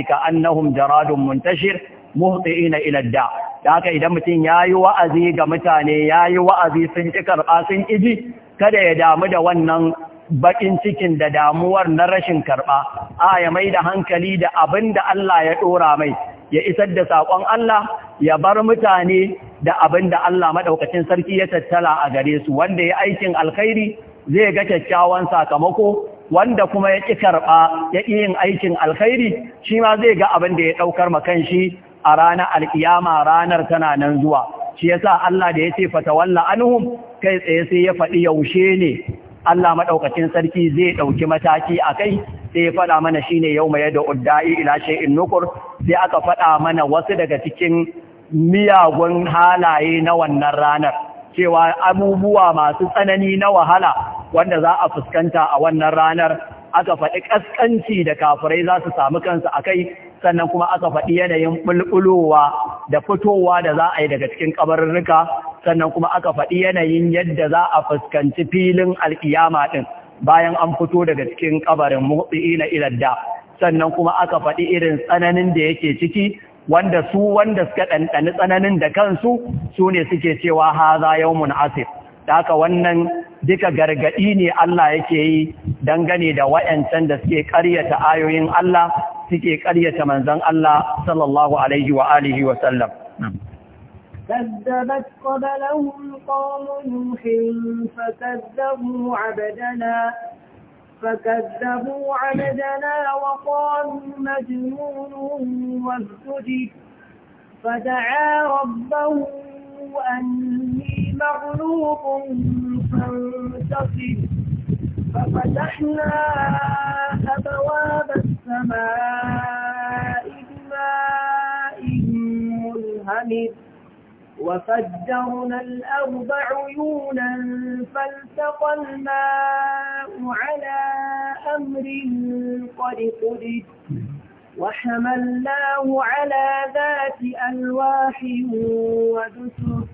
ka annahum jaradun muntashir muhti'ina ina ad-da' da idan mutum ya yi wa'azi ga mutane ya yi wa'azi sun ƙi karɓa sun ƙiji kada ya damu da wannan bakin cikin da damuwar na rashin karɓa, a ya mai da hankali da abin da Allah ya ɗora mai, ya isar da saƙon Allah, ya bar mutane da abin da Allah maɗaukacin sarki ya tattala a gare su, wanda ya aikin alkhairi zai ga kyakkyawan sakamako, wanda kuma ya ƙi karɓa ya ƙi yin aikin alkhairi, shi ma zai ga abin da ya ɗaukar makan shi a ranar alƙiyama ranar tana nan zuwa. Shi ya sa Allah da ya ce fatawalla anhum kai tsaye sai ya faɗi yaushe ne Allah Maɗaukacin sarki zai ɗauki mataki akai sai ya fada mana shine mai da uddai ila in nukur sai aka faɗa mana wasu daga cikin miyagun halaye na wannan ranar cewa abubuwa masu tsanani na wahala wanda za a fuskanta a wannan ranar aka faɗi ƙasƙanci da kafirai za su samu kansu a kai sannan kuma aka faɗi yanayin ɓulɓulowa da fitowa da za a yi daga cikin kabarurruka sannan kuma aka faɗi yanayin yadda za a fuskanci filin alƙiyama ɗin bayan an fito daga cikin kabarin ilar da sannan kuma aka faɗi irin tsananin da yake ciki wanda su wanda suka ɗanɗani tsananin da kansu su ne suke cewa haza mun asif da haka wannan duka gargaɗi ne Allah yake yi dangane da wa'yancan da suke ƙaryata ayoyin Allah suke ƙaryata manzon Allah sallallahu alaihi wa wa sallam كذبت قبلهم قوم نوح فكذبوا عبدنا فكذبوا عبدنا وقالوا مجنون وازدجر فدعا ربه أني مغلوب فانتصر ففتحنا أبواب السماء بماء منهمر وفجرنا الأرض عيونا فالتقى الماء على أمر قد قدر وحملناه على ذات ألواح ودسر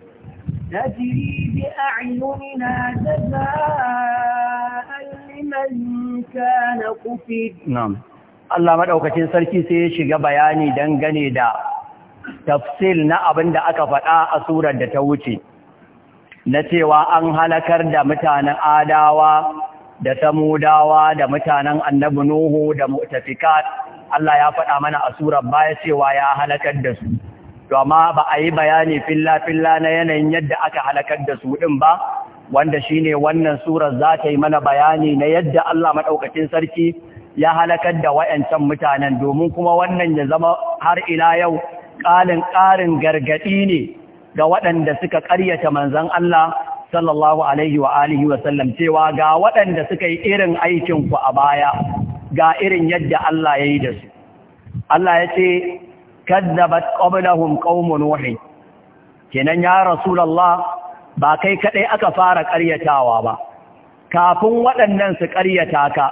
تجري بأعيننا جزاء لمن كان كفر نعم Allah maɗaukacin sarki sai ya shiga bayani dangane da tafsil na abin da aka faɗa a surar da ta wuce na cewa an halakar da mutanen adawa da samudawa da mutanen annabi nuhu da mutafikat Allah ya faɗa mana a surar baya cewa ya halakar da su to amma ba a yi bayani filla filla na yanayin yadda aka halakar da su ɗin ba wanda shi ne wannan surar za ta yi mana bayani na yadda Allah Maɗaukacin sarki ya halakar da wayancan mutanen domin kuma wannan ya zama har ila yau Ƙarin ƙarin gargadi ne ga waɗanda suka ƙaryata manzan Allah sallallahu alaihi wa alihi wa sallam cewa ga waɗanda suka yi irin aikinku a baya ga irin yadda Allah ya yi da su. Allah ya ce, Kazzabat qablahum ƙaunmu Nuhi, Kenan ya rasulallah ba kai kaɗai aka fara ƙaryatawa ba. Kafin waɗannan su ƙaryata ka,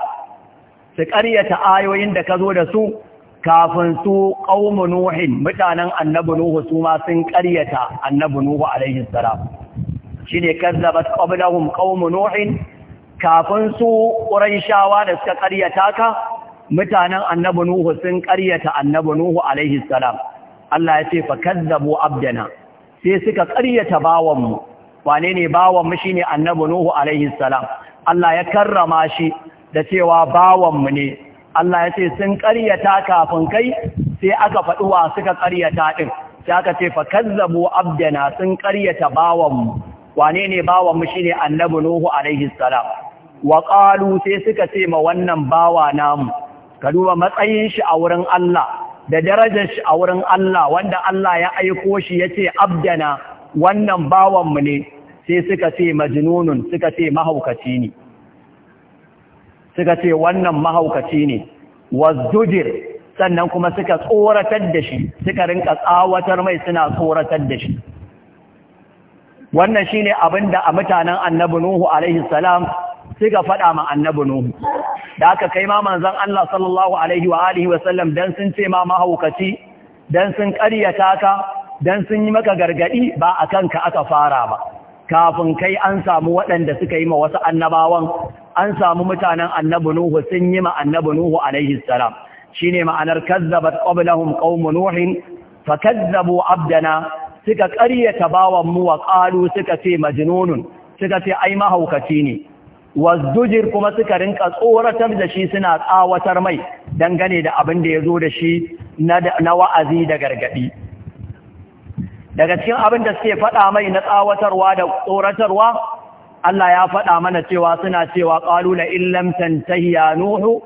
su ƙaryata ayoyin da ka zo da su kafin su ƙaumu Nuhin mutanen annabi Nuhu su ma sun ƙaryata annabi Nuhu alaihi salam shine kazzabat qablahum qaumu Nuhin kafin su Qurayshawa da suka ƙaryata ka mutanen annabi Nuhu sun ƙaryata annabi Nuhu alaihi salam Allah ya ce fa kazzabu abdana sai suka ƙaryata bawanmu. mu wane ne bawanmu shi ne annabi Nuhu alaihi salam Allah ya karrama shi da cewa bawanmu ne Allah ya ce sun ƙaryata kafin kai sai aka faɗuwa suka ƙaryata ɗin sai aka ce fa kazzabu abdana sun ƙaryata bawanmu wane ne bawanmu shine annabi nuhu alaihi salam wa ƙalu sai suka ce ma wannan bawa namu ka duba matsayin shi a wurin Allah da darajar shi a wurin Allah wanda Allah ya aiko shi ya ce abdana wannan bawanmu ne sai suka ce majnunun suka ce mahaukaci ne suka ce wannan mahaukaci ne wazdujir sannan kuma suka tsoratar da shi suka rinka tsawatar mai suna tsoratar da shi wannan shine abin da a mutanen annabi nuhu alaihi salam suka faɗa ma annabi nuhu da aka kai ma manzon Allah sallallahu alaihi wa alihi wa sun ce ma mahaukaci don sun ƙaryata ka dan sun yi maka gargadi ba kan ka aka fara ba kafin kai an samu waɗanda suka yi ma wasu annabawan an samu mutanen annabi nuhu sun yi ma annabi nuhu alaihi salam shine ma'anar kazzabat qablahum qaum nuhin fakazzabu abdana suka ƙaryata bawan mu wa qalu suka ce majnunun suka ce ai mahaukaci ne wazdujir kuma suka rinka tsoratar da shi suna tsawatar mai dangane da abin da ya zo da shi na wa'azi da gargaɗi daga cikin abin da suke faɗa mai na tsawatarwa da tsoratarwa Allah ya faɗa mana cewa suna cewa ƙalu la illam tantahi ya nuhu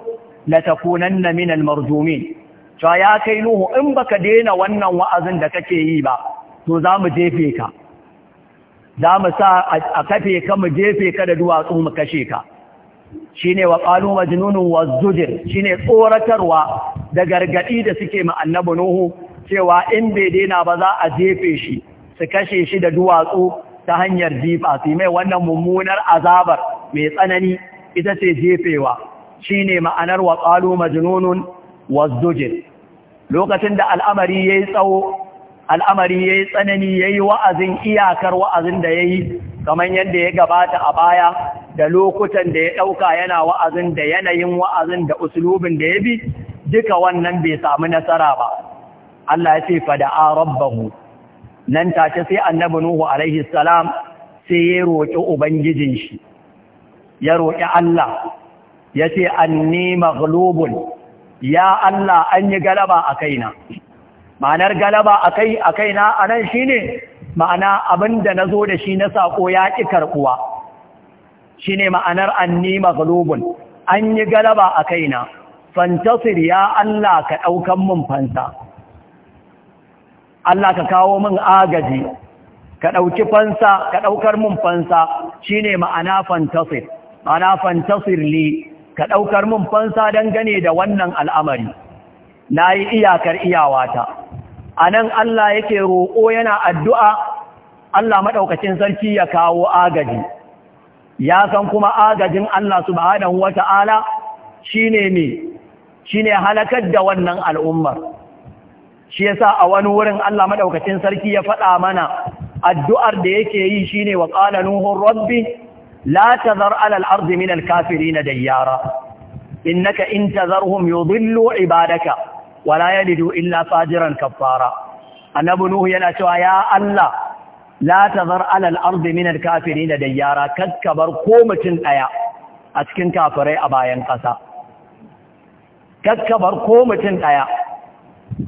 la takunanna min al to ya kai nuhu in baka daina wannan wa'azin da kake yi ba to za mu jefe ka za mu sa a kafe ka mu jefe ka da duwatsu mu kashe ka shine wa qalu majnunun wazzujir shine tsoratarwa da gargadi da suke ma annabi nuhu cewa in bai daina ba za a jefe shi su kashe shi da duwatsu ta hanyar jifa su mai wannan mummunar azabar mai tsanani ita ce jefewa shine ma'anar wa qalu majnunun wazdujin lokacin da al'amari ya yi tsawo al'amari ya yi tsanani ya yi wa'azin iyakar wa'azin da ya yi kamar yadda ya gabata a baya da lokutan da ya ɗauka yana wa'azin da yanayin wa'azin da uslubin da ya bi duka wannan bai samu nasara ba Allah ya ce fada'a rabbahu nan take sai annabi Nuhu alaihi salam sai ya roƙi ubangijin shi ya roƙi Allah ya ce anni maghlubun ya Allah an yi galaba a kaina ma'anar galaba a kai a kaina anan shine ma'ana abinda nazo da shi na sako ya ki karbuwa shine ma'anar anni maghlubun an yi galaba a kaina fantasir ya Allah ka daukan mun fansa Allah ka kawo min agaji ka ɗauki fansa ka ɗaukar min fansa shine ma'ana fantasir ma'ana fantasir li ka ɗaukar min fansa don gane da wannan al'amari na yi iyakar iyawata a nan Allah yake roƙo yana addu'a Allah maɗaukacin sarki ya kawo agaji ya san kuma agajin Allah su ba'adan wata'ala shi ne shine halakar da wannan al'ummar shi yasa a wani wurin Allah madaukakin sarki ya faɗa mana addu'ar da yake yi shine wa qala nuhu rabbi la tadhar ala al-ard min al-kafirin dayyara innaka in tadharhum yudillu ibadaka wa la yalidu illa fajiran kaffara annabi nuhu yana cewa ya Allah la tadhar ala al-ard min al-kafirin dayyara kakkabar ko mutun daya a cikin kafirai a bayan kasa kakkabar ko mutun daya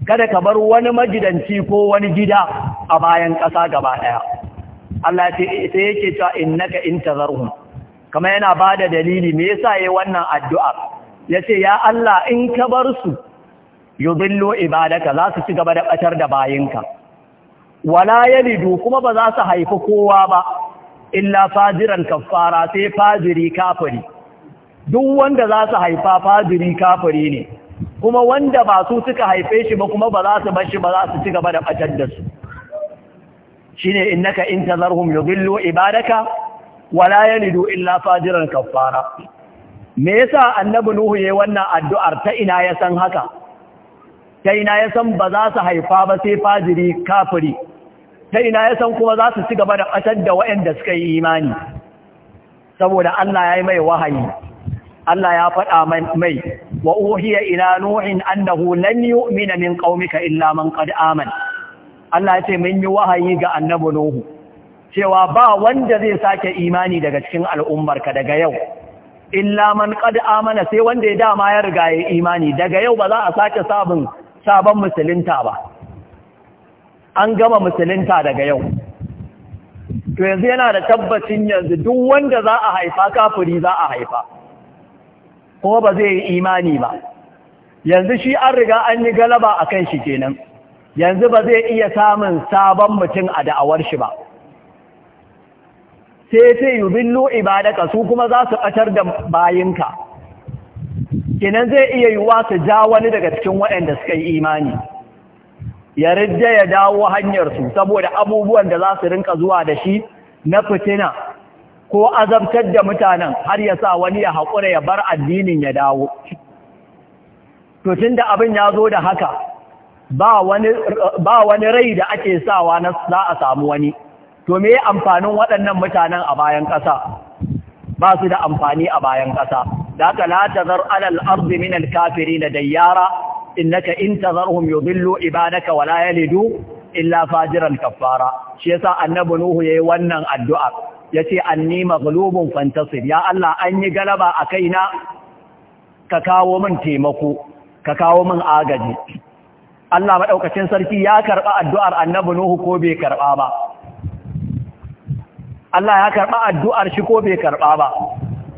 kada ka bar wani majidanci ko wani gida a bayan ƙasa gaba ɗaya Allah ta yake cewa ta zarhun, Kama yana ba da dalili me yasa ya wannan addu'a ce ya Allah in ka bar su billo ibadaka za su ci gaba da ɓatar da bayinka wala ya lido kuma ba za su haifi kowa ba illa fajiran kaffara sai fajiri kafiri duk wanda za su haifa fajiri kafiri ne kuma wanda ba su suka haife shi ba kuma ba za su bashi ba za su ci gaba da batar da su shine innaka in ya gillo, ibadaka wala yalidu illa fajiran kaffara me yasa annabi nuhu yi wannan addu'ar ta ina ya san haka ta ina ya san ba za su haifa ba sai fajiri kafiri ta ina ya san kuma za su ci gaba da batar da waɗanda suka yi imani saboda Allah ya yi mai wahayi Allah ya faɗa mai wa uhiya ila nuhin annahu lan yu'mina min qaumika illa man qad aman Allah yace mun yi wahayi ga annabi Nuhu cewa ba wanda zai sake imani daga cikin al'ummarka daga yau illa man qad amana sai wanda ya dama ya riga ya imani daga yau ba za a sake sabon sabon musulunta ba an gama musulunta daga yau to yanzu yana da tabbacin yanzu duk wanda za a haifa kafiri za a haifa kuma ba zai yi imani ba yanzu shi an riga an yi galaba a kan shi kenan yanzu ba zai iya samun sabon mutum a da'awar shi ba sai sai yubillu ibadaka su kuma za su ɓatar da bayinka kenan zai iya yiwuwa su ja wani daga cikin waɗanda suka yi imani ya rijja ya dawo hanyarsu saboda abubuwan da za su rinka zuwa da shi na fitina ko azabtar da mutanen har ya sa wani ya haƙura ya bar addinin ya dawo to tun da abin ya zo da haka ba wani rai da ake sawa na za a samu wani to me amfanin waɗannan mutanen a bayan ƙasa ba su da amfani a bayan ƙasa da haka la alal ardi min na dayyara innaka in tazarhum yudillu ibadaka wa la yalidu illa fajiran kaffara shi yasa annabi nuhu yayi wannan addu'a ya ce anni maghlubun fantasir ya Allah an yi galaba a kaina ka kawo min taimako ka kawo min agaji Allah maɗaukacin sarki ya karɓa addu'ar annabi Nuhu ko bai karɓa ba Allah ya karɓa addu'ar shi ko bai karɓa ba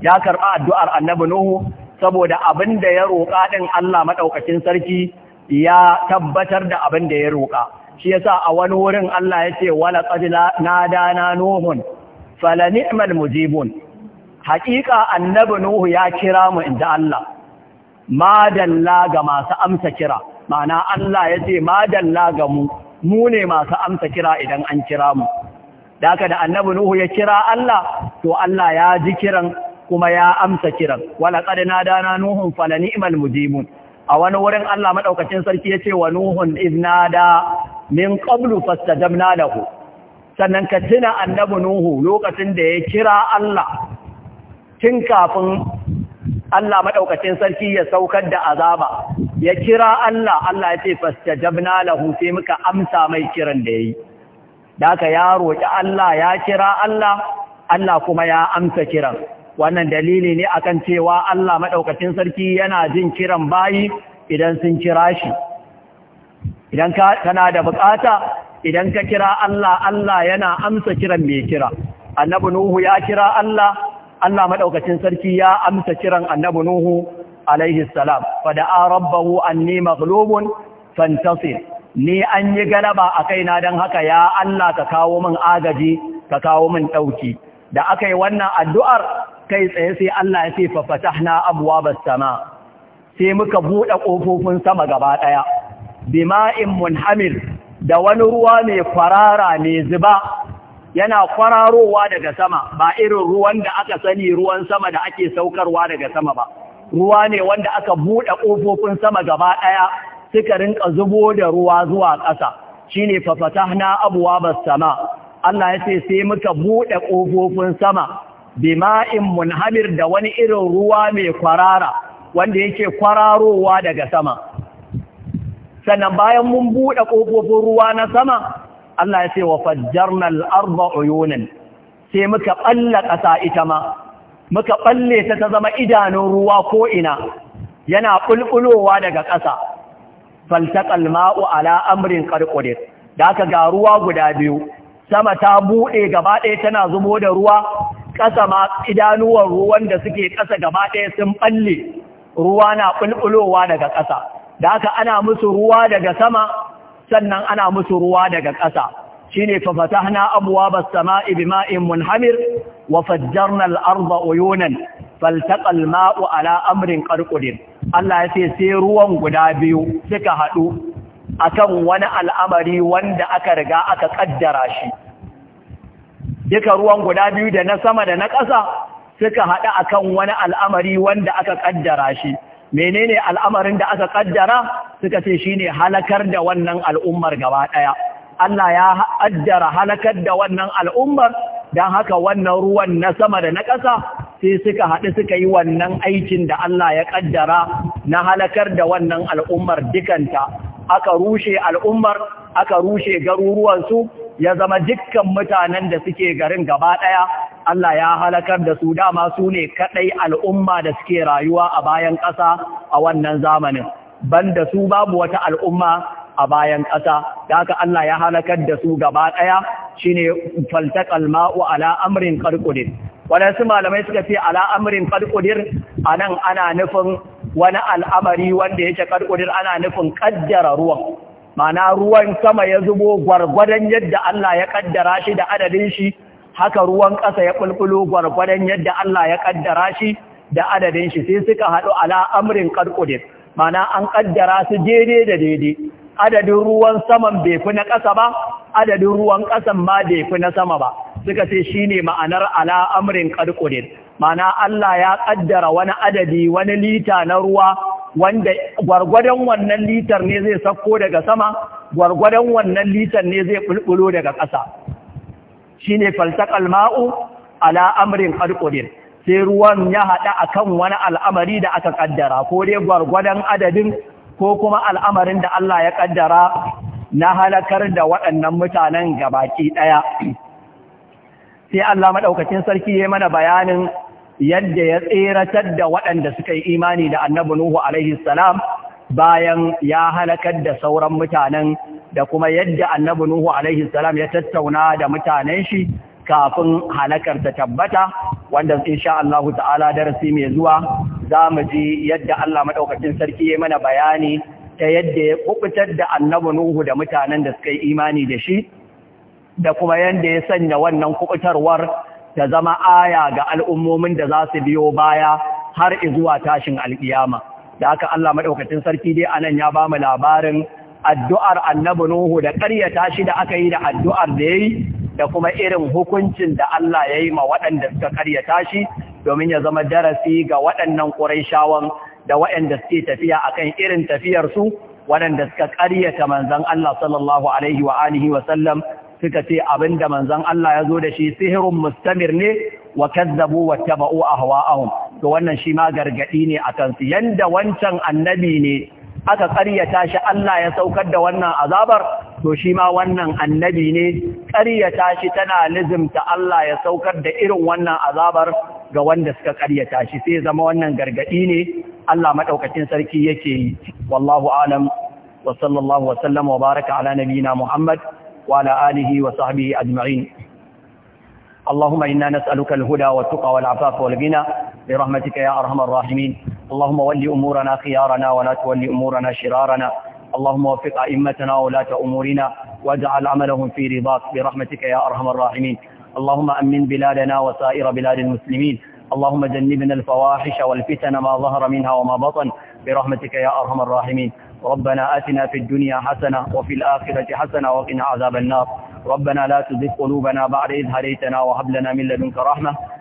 ya karɓa addu'ar annabi Nuhu saboda abin da ya roƙa ɗin Allah maɗaukacin sarki ya tabbatar da abin da ya roƙa. Shi yasa a wani wurin Allah ya ce, Wala ƙadila na dana Nuhun, fala ni'mal mujibun haƙiƙa annabi nuhu ya kira mu inda Allah Ma dalla ga masu amsa kira ma'ana Allah ya ce madalla ga mu mu ne masu amsa kira idan an kira mu da haka da annabi nuhu ya kira Allah to Allah ya ji kiran kuma ya amsa kiran wala qad nadana nuhun fala ni'mal mujibun a wani wurin Allah madaukakin sarki yace wa nuhun idnada min qablu fastajabna lahu sannan ka tuna annabi Nuhu lokacin da ya kira Allah tun kafin Allah madaukakin sarki ya saukar da azaba ya kira Allah Allah ya ce fastajabna lahu sai muka amsa mai kiran da yayi da haka ya roki Allah ya kira Allah Allah kuma ya amsa kiran wannan dalili ne akan cewa Allah madaukakin sarki yana jin kiran bayi idan sun kira shi idan kana da bukata idan ka kira Allah Allah yana amsa kiran mai kira annabi nuhu ya kira Allah Allah maɗaukacin sarki ya amsa kiran annabi nuhu alaihi salam fa da'a rabbahu anni maghlubun fantasir ni an yi galaba a kaina dan haka ya Allah ka kawo min agaji ka kawo min ɗauki. da aka yi wannan addu'ar kai tsaye sai Allah ya ce fa fatahna ba sama sai muka buɗe ƙofofin sama gaba ɗaya bima'in munhamir da wani ruwa mai kwarara mai zuba yana kwararowa daga sama ba irin ruwan da aka sani ruwan sama da ake saukarwa daga sama ba ruwa ne wanda aka buɗe ƙofofin sama gaba ɗaya suka rinka zubo da ruwa zuwa ƙasa shine fafatahna bas sama Allah ya ce sai muka buɗe ƙofofin sama bima'in munhamir da wani irin ruwa mai kwarara wanda yake kwararowa daga sama sannan bayan mun buɗe ƙofofin ruwa na sama Allah ya ce wa fajjarna al-arda uyunan sai muka ɓalla ƙasa ita ma muka ɓalle ta ta zama idanun ruwa ko'ina, yana ƙulƙulowa daga ƙasa faltaqal ma'u ala amrin qad da aka ga ruwa guda biyu sama ta buɗe gaba ɗaya tana zubo da ruwa ƙasa ma idanuwan ruwan da suke ƙasa gaba ɗaya sun ɓalle. ruwa na ƙulƙulowa daga ƙasa da haka ana musu ruwa daga sama sannan ana musu ruwa daga ƙasa shine fa fatahna abwaabas samaa'i bima'in munhamir wa fajjarna al-ardha uyunan faltaqa mau ala amrin ƙarƙudin. Allah ya ce sai ruwan guda biyu suka haɗu akan wani al'amari wanda aka riga aka ƙaddara shi duka ruwan guda biyu da na sama da na ƙasa suka haɗu akan wani al'amari wanda aka ƙaddara shi menene al'amarin da aka ƙaddara suka ce shine halakar da wannan al'ummar gaba ɗaya Allah ya ƙaddara halakar da wannan al'ummar don haka wannan ruwan na sama da na ƙasa sai suka haɗu suka yi wannan aikin da Allah ya ƙaddara na halakar da wannan al'ummar dukanta aka rushe al'ummar aka rushe garuruwansu ya zama dukkan mutanen da suke garin gaba ɗaya Allah ya halakar da su dama su ne kaɗai al'umma da suke rayuwa a bayan ƙasa a wannan zamanin, banda su babu wata al'umma a bayan ƙasa, da haka Allah ya halakar da su gaba ɗaya shi ne faltakal ma'u ala amrin ƙarƙudir. Waɗansu malamai suka ce ala amrin ƙarƙudir a nan ana nufin wani al'amari wanda yake ƙarƙudir ana nufin ƙaddara ruwan. Mana ruwan sama ya zubo gwargwadon yadda Allah ya ƙaddara shi da adadin shi haka ruwan ƙasa ya bulbulo gwargwadon yadda Allah ya ƙaddara shi da adadin shi sai suka haɗu ala amrin ƙarƙudin mana an ƙaddara su daidai da daidai adadin ruwan saman bai fi na ƙasa ba adadin ruwan ƙasan ma bai fi na sama ba suka ce shine ma'anar ala amrin ƙarƙudin mana Allah ya ƙaddara wani adadi wani lita na ruwa wanda gwargwadon wannan litar ne zai sauko daga sama gwargwadon wannan litar ne zai ɓulɓulo daga ƙasa Shi ne faltakal ma'u ala amrin sai ruwan ya haɗa a kan wani al'amari da aka ƙaddara ko dai gwargwadon adadin ko kuma al'amarin da Allah ya ƙaddara na halakar da waɗannan mutanen gabaki ɗaya sai Allah maɗaukacin sarki ya mana bayanin yadda ya tseratar da waɗanda suka yi imani da annabi Nuhu alaihi salam bayan ya halakar da sauran mutanen da kuma yadda annabi Nuhu alaihi salam ya tattauna da mutanen shi kafin halakar ta tabbata wanda insha Allah ta'ala darasi mai zuwa za mu ji yadda Allah madaukakin sarki ya mana bayani ta yadda ya kubutar da annabi Nuhu da mutanen da suka yi imani da shi da kuma yadda ya sanya wannan kubutarwar ta zama aya ga al'ummomin da za su biyo baya har zuwa tashin alkiyama da aka Allah madaukakin sarki dai anan ya ba mu labarin addu'ar annabi Nuhu da ƙaryata shi da aka yi da addu'ar da ya yi da kuma irin hukuncin da Allah ya yi ma waɗanda suka ƙaryata shi domin ya zama darasi ga waɗannan ƙuraishawan da waɗanda suke tafiya a kan irin tafiyarsu waɗanda suka ƙaryata manzan Allah sallallahu Alaihi wa alihi wasallam suka ce abin da manzan Allah ya zo da shi sihirin mustamir ne wa kazzabu wa taba'u ahwa'ahum to wannan shi ma gargadi ne akan su yanda wancan annabi ne aka ƙaryata shi Allah ya saukar da wannan azabar to shi ma wannan annabi ne ƙaryata shi tana lizimta Allah ya saukar da irin wannan azabar ga wanda suka ƙaryata shi sai zama wannan gargaɗi ne Allah maɗaukacin sarki yake yi wallahu alam wa sallallahu wa sallam wa baraka ala Nabina Muhammad wa ala alihi wa sahbihi ajma'in اللهم إنا نسألك الهدى والتقى والعفاف والغنى برحمتك يا أرحم الراحمين اللهم ولي أمورنا خيارنا ولا تولي أمورنا شرارنا اللهم وفق أئمتنا ولاة أمورنا واجعل عملهم في رضاك برحمتك يا أرحم الراحمين اللهم أمن بلادنا وسائر بلاد المسلمين اللهم جنبنا الفواحش والفتن ما ظهر منها وما بطن برحمتك يا أرحم الراحمين ربنا آتنا في الدنيا حسنة وفي الآخرة حسنة وقنا عذاب النار ربنا لا تزغ قلوبنا بعد إذ هديتنا وهب لنا من لدنك رحمة